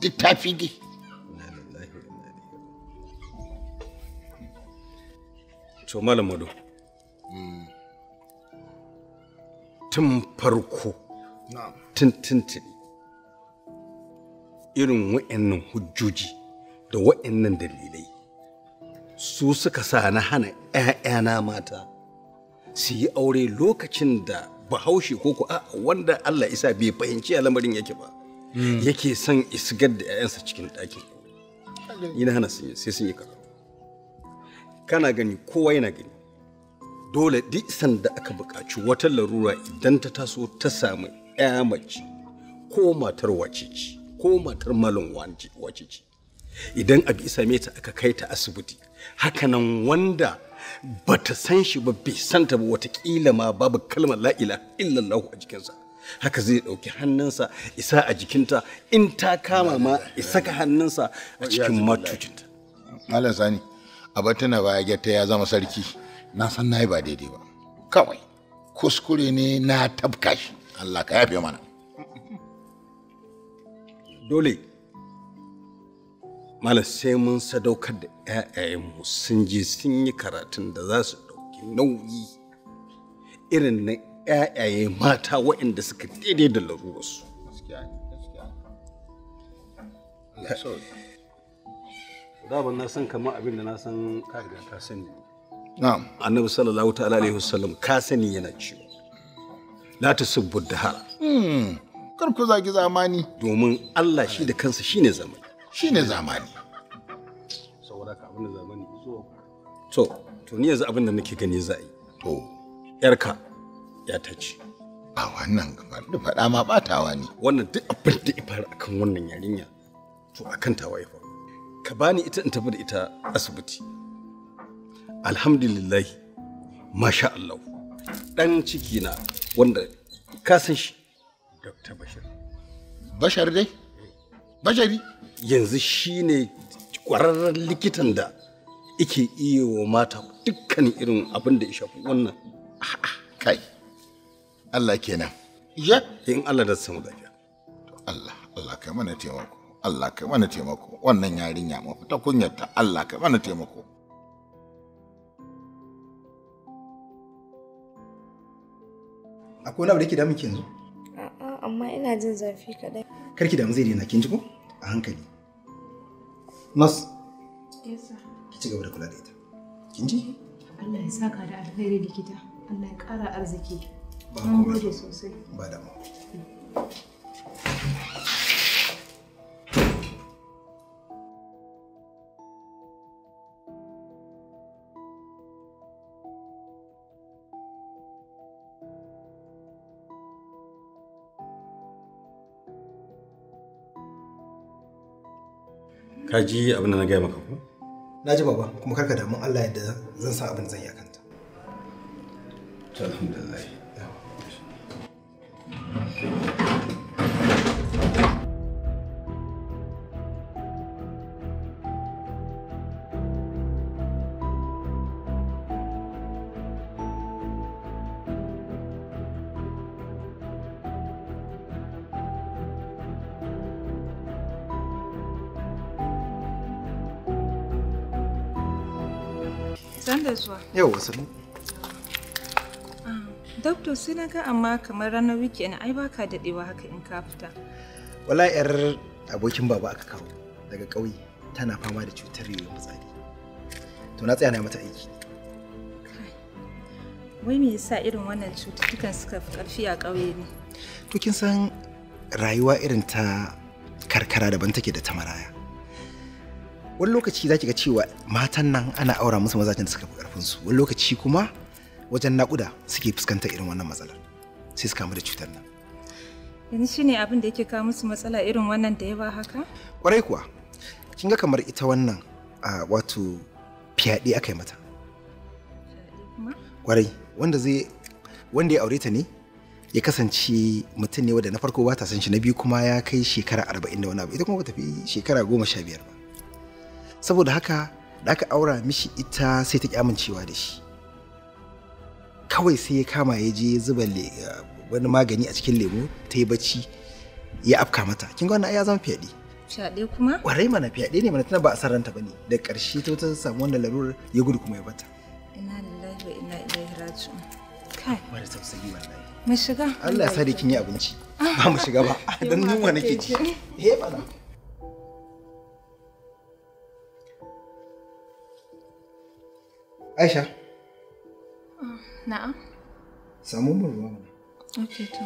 duk ta fige to malam mado hmm. tun farko tun tun irin wa'annan hujjoji da wa'annan dalilai su suka sa na hana 'ya'yana mata su yi aure lokacin da bahaushe ko ku wanda Allah isa bai fahimci lamarin yake ba hmm. yake son isgar da 'ya'yansa cikin ɗakin ni na hana sun yi sai sun yi karatu kana gani kowa yana gani dole duk sanda aka buƙaci wata larura idan ta taso ta samu 'ya mace ko matar wacece ko matar malin wacece. idan abu same ta aka kai ta asibiti hakanan wanda ba ta san shi ba bai san ta ba watakila ma babu kalmar la'ila illallahu a jikinsa haka zai ɗauki hannunsa isa a jikinta in ta kama ma isa ka hannunsa a cikin matucinta malam sani abar tana baya gyatta ya zama sarki na san na ba daidai ba kawai kuskure ne na tabka shi allah ka yafe mana dole mala sai mun sadaukar da ‘ya'yayenmu sun je sun yi karatun da za su ɗauki nauyi irin na ‘ya'yaye mata waɗanda suka daidai da larurarsu. Daban na san kamar abin da na san ka riga ka sani. Na'am. Annabi sallallahu ta'ala alaihi wasallam ka sani yana cewa. La hmm. Kar ku zagi zamani. Domin Allah shi da kansa shine zamani. shine zamani saboda ka abin da zamani zuwa to to ni yanzu abin da nake gani za a yi to yarka ya ta a wannan kamar da faɗa ma batawa ne wannan duk abin da ya faru akan wannan yarinya to akan tawa ya faru ka bani ita in tafi da ita asibiti alhamdulillah masha Allah dan ciki na wanda ka san shi Dr. Bashir Bashar dai eh. Bashari yanzu shine kwararren likitan da ike iya wa mata dukkan irin abin da ya shafi wannan kai Allah kenan ya in Allah da samu lafiya Allah Allah kai mana taimako Allah kai mana taimako wannan yarinya mafita kunyarta Allah kai mana taimako akwai wani abu da yake damun ki yanzu amma ina jin zafi kadai karki damu zai daina kin ji ko a hankali Nas. Ki ci gaba da kula da ita. Kin ji? Allah ya saka da alkhairi likita. Allah ya ƙara arziki. Ba komai. Mun gode sosai. Ba damuwa. Ka ji abin da na gaya maka ko? Na ji baba, kuma karka damu Allah yadda zan sa abin zan yi a kanta. Alhamdulillah. San da zuwa. Yau wasu. Ah, Doktor sai na ga amma kamar ranar weekend ai baka daɗewa haka in ka fita. Wala yar abokin baba aka kawo daga ƙauye tana fama da cutar yoyo fitsari. To na tsaya na mata aiki. Wai me yasa irin wannan cututtukan suka fi ƙarfi a ƙauye ne? To kin san rayuwa irin ta karkara daban take da ta maraya. wani lokaci za ki ga cewa matan nan ana aura musu mazajen da suka fi karfin su wani lokaci kuma wajen nakuda suke fuskanta irin wannan matsalar sai su kamu da cutar nan yanzu shine abin da yake kawo musu matsala irin wannan da ya ba haka kwarai kuwa kin ga kamar ita wannan a wato fiyaɗe aka yi mata kwarai wanda zai wanda ya aure ta ne ya kasance mutum ne wanda na farko ba ta san shi na biyu kuma ya kai shekara arba'in da wani abu ita kuma ba ta fi shekara goma sha biyar ba saboda haka da aka aura mishi ita sai ta kyamancewa da shi kawai sai ya kama ya je zuba eh, wani magani a cikin lemu ta yi bacci ya afka mata kin ga wannan ya zama fyaɗe fiyade kuma warai mana fyaɗe ne mana tana ba a san ranta bane da ƙarshe ta ta samu wannan larurar ya gudu kuma ya bata ina lillahi wa inna ilaihi raji'un kai mara tausayi wallahi mai shiga Allah ya sa da kin yi abinci ba mu shiga ba ah. dan nuna nake ji he eh, bana Aisha. Na'am. Samu mun ruwa Okay to.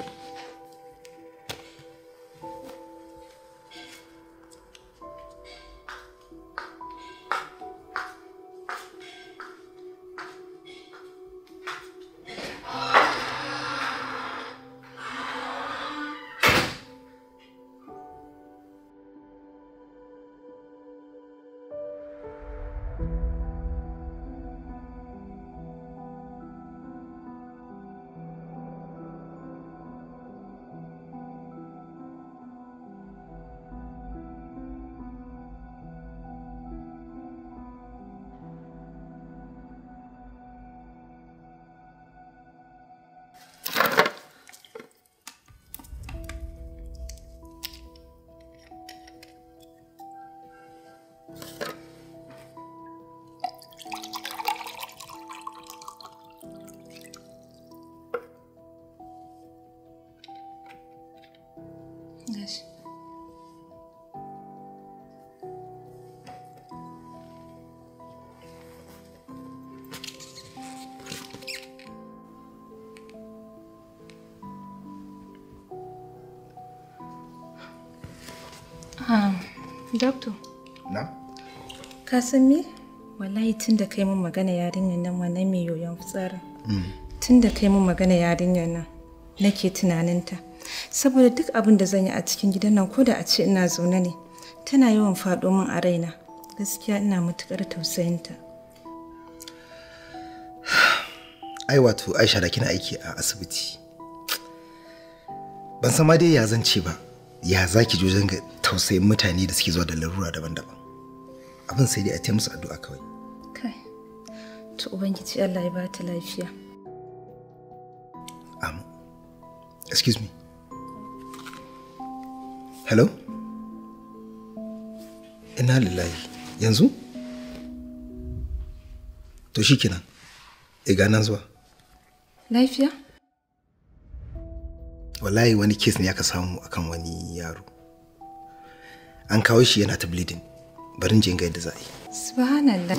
Doctor. Na? Ka san me? Wallahi tun da kai mun magana yarinyar nan wannan mai yoyon tsara. Mm. Tun da kai mun magana yarinyar nan nake tunanin ta Saboda duk abin da zan yi a cikin gidan nan ko da a ce ina zaune ne tana yawan faɗo min a raina. Gaskiya ina matuƙar tausayinta. Ai wato Aisha da kina aiki a asibiti. Ban sama dai ya zance ba. ya za ki jojen ga tausayin mutane da suke zuwa da larura daban-daban abin sai dai a taimusu addu'a kawai kai to ubangiji Allah ya ba ta lafiya am excuse me hello ina lillahi yanzu to shikenan e nan zuwa lafiya wallahi wani kes ne aka samu akan wani yaro an kawo shi yana ta bleeding barin je ga yadda za a yi subhanallah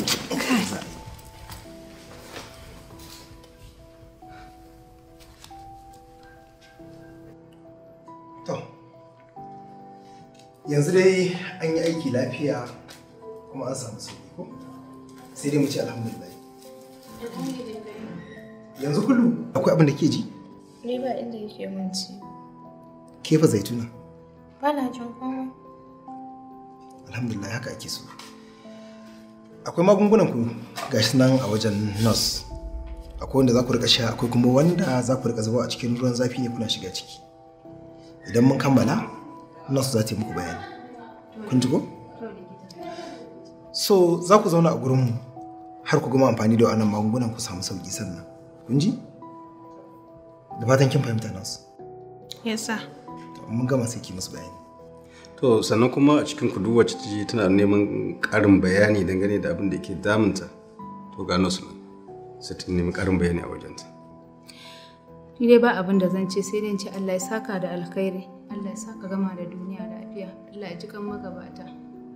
to yanzu dai an yi aiki lafiya kuma an samu sauki ko sai dai mu ce alhamdulillah yanzu kullum akwai abin da ke ji Ni ba inda yake mun Ke fa zaituna? Ba jin komai. Alhamdulillah haka ake so. Akwai magungunan ku gashi nan a wajen nurse. Akwai wanda za ku rika sha akwai kuma wanda za ku rika zuba a cikin ruwan zafi ne kuna shiga ciki. Idan mun kammala, nurse za ta yi muku bayani. Kun ji ko? So za ku zauna a gurinmu har ku gama amfani da wannan magungunan ku samu sauki sannan. Kun ji? da fatan kin fahimta nasu yasa. mun gama sai ki musu bayani to sannan kuma a cikin ku duk wacce tana neman karin bayani dangane da abin da yake damunta to ga nasu nan sai ta nemi karin bayani a wajenta ni dai ba abin da zan ce sai dai ce Allah ya saka da alkhairi Allah ya saka gama da duniya lafiya Allah ya ji kan magabata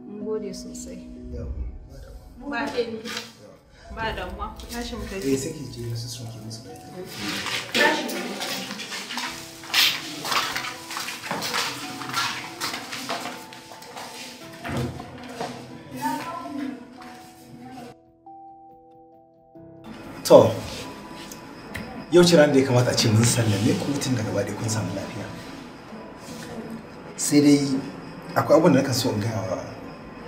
mun gode sosai ba Ba ku tashi Eh sai ki je su musu. To, yau ce ran da ya kamata a ce mun sallame ku tun daga ba kun samu lafiya. Sai dai akwai abin da nake so in ga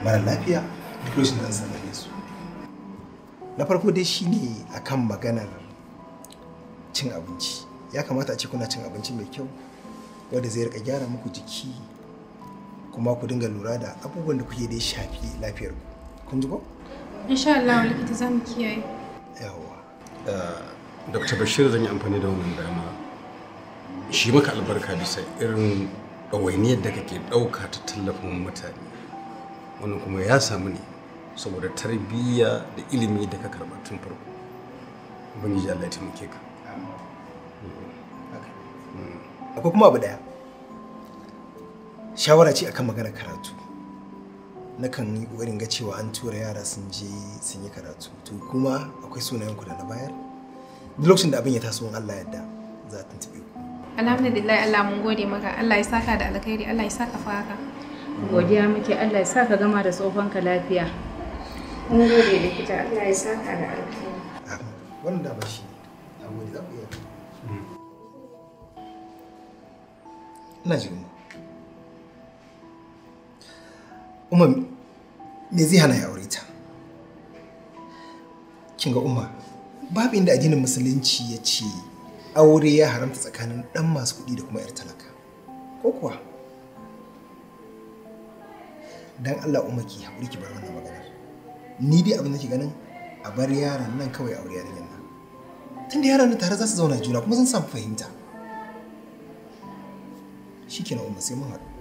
mara lafiya duk lokacin da zan sallame su. na farko dai shine akan maganar cin abinci ya kamata a ce kuna cin abinci mai kyau wanda zai rika gyara muku jiki kuma ku dinga lura da abubuwan da kuke dai shafi lafiyar ku kun ji ko insha Allah likita zamu kiyaye yawa eh, Dr. Bashir zan yi amfani da wannan dama shi maka albarka bisa irin dawainiyar da kake ɗauka ta tallafin mutane wannan kuma ya samu ne saboda tarbiyya da ilimi da ka karba tun farko ji Allah ya taimake ka akwai kuma abu daya shawara ce akan magana karatu na kan yi ƙoƙarin ga cewa an tura yara sun je sun yi karatu to kuma akwai sunayen ku da na bayar duk lokacin da abin ya taso in Allah yadda za ta tafi alhamdulillah Allah mun gode maka Allah ya saka da alkhairi Allah ya saka faka godiya muke Allah ya saka gama da tsofanka ka lafiya Mun gode likita Allah ya saka da alkhairi. Hmm. Ina jin Umma me zai hana ya aure ta? kinga ga Umma babu inda addinin musulunci ya ce aure ya haramta tsakanin ɗan masu kuɗi da kuma 'yar talaka. Ko kuwa? Dan Allah Umma ki haƙuri ki bar wannan maganar. ni dai abin da ke ganin a bar yaran nan kawai aure yarinyar nan da yaran nan tare za su zauna juna kuma sun samu fahimta shi na umar sai mun haɗu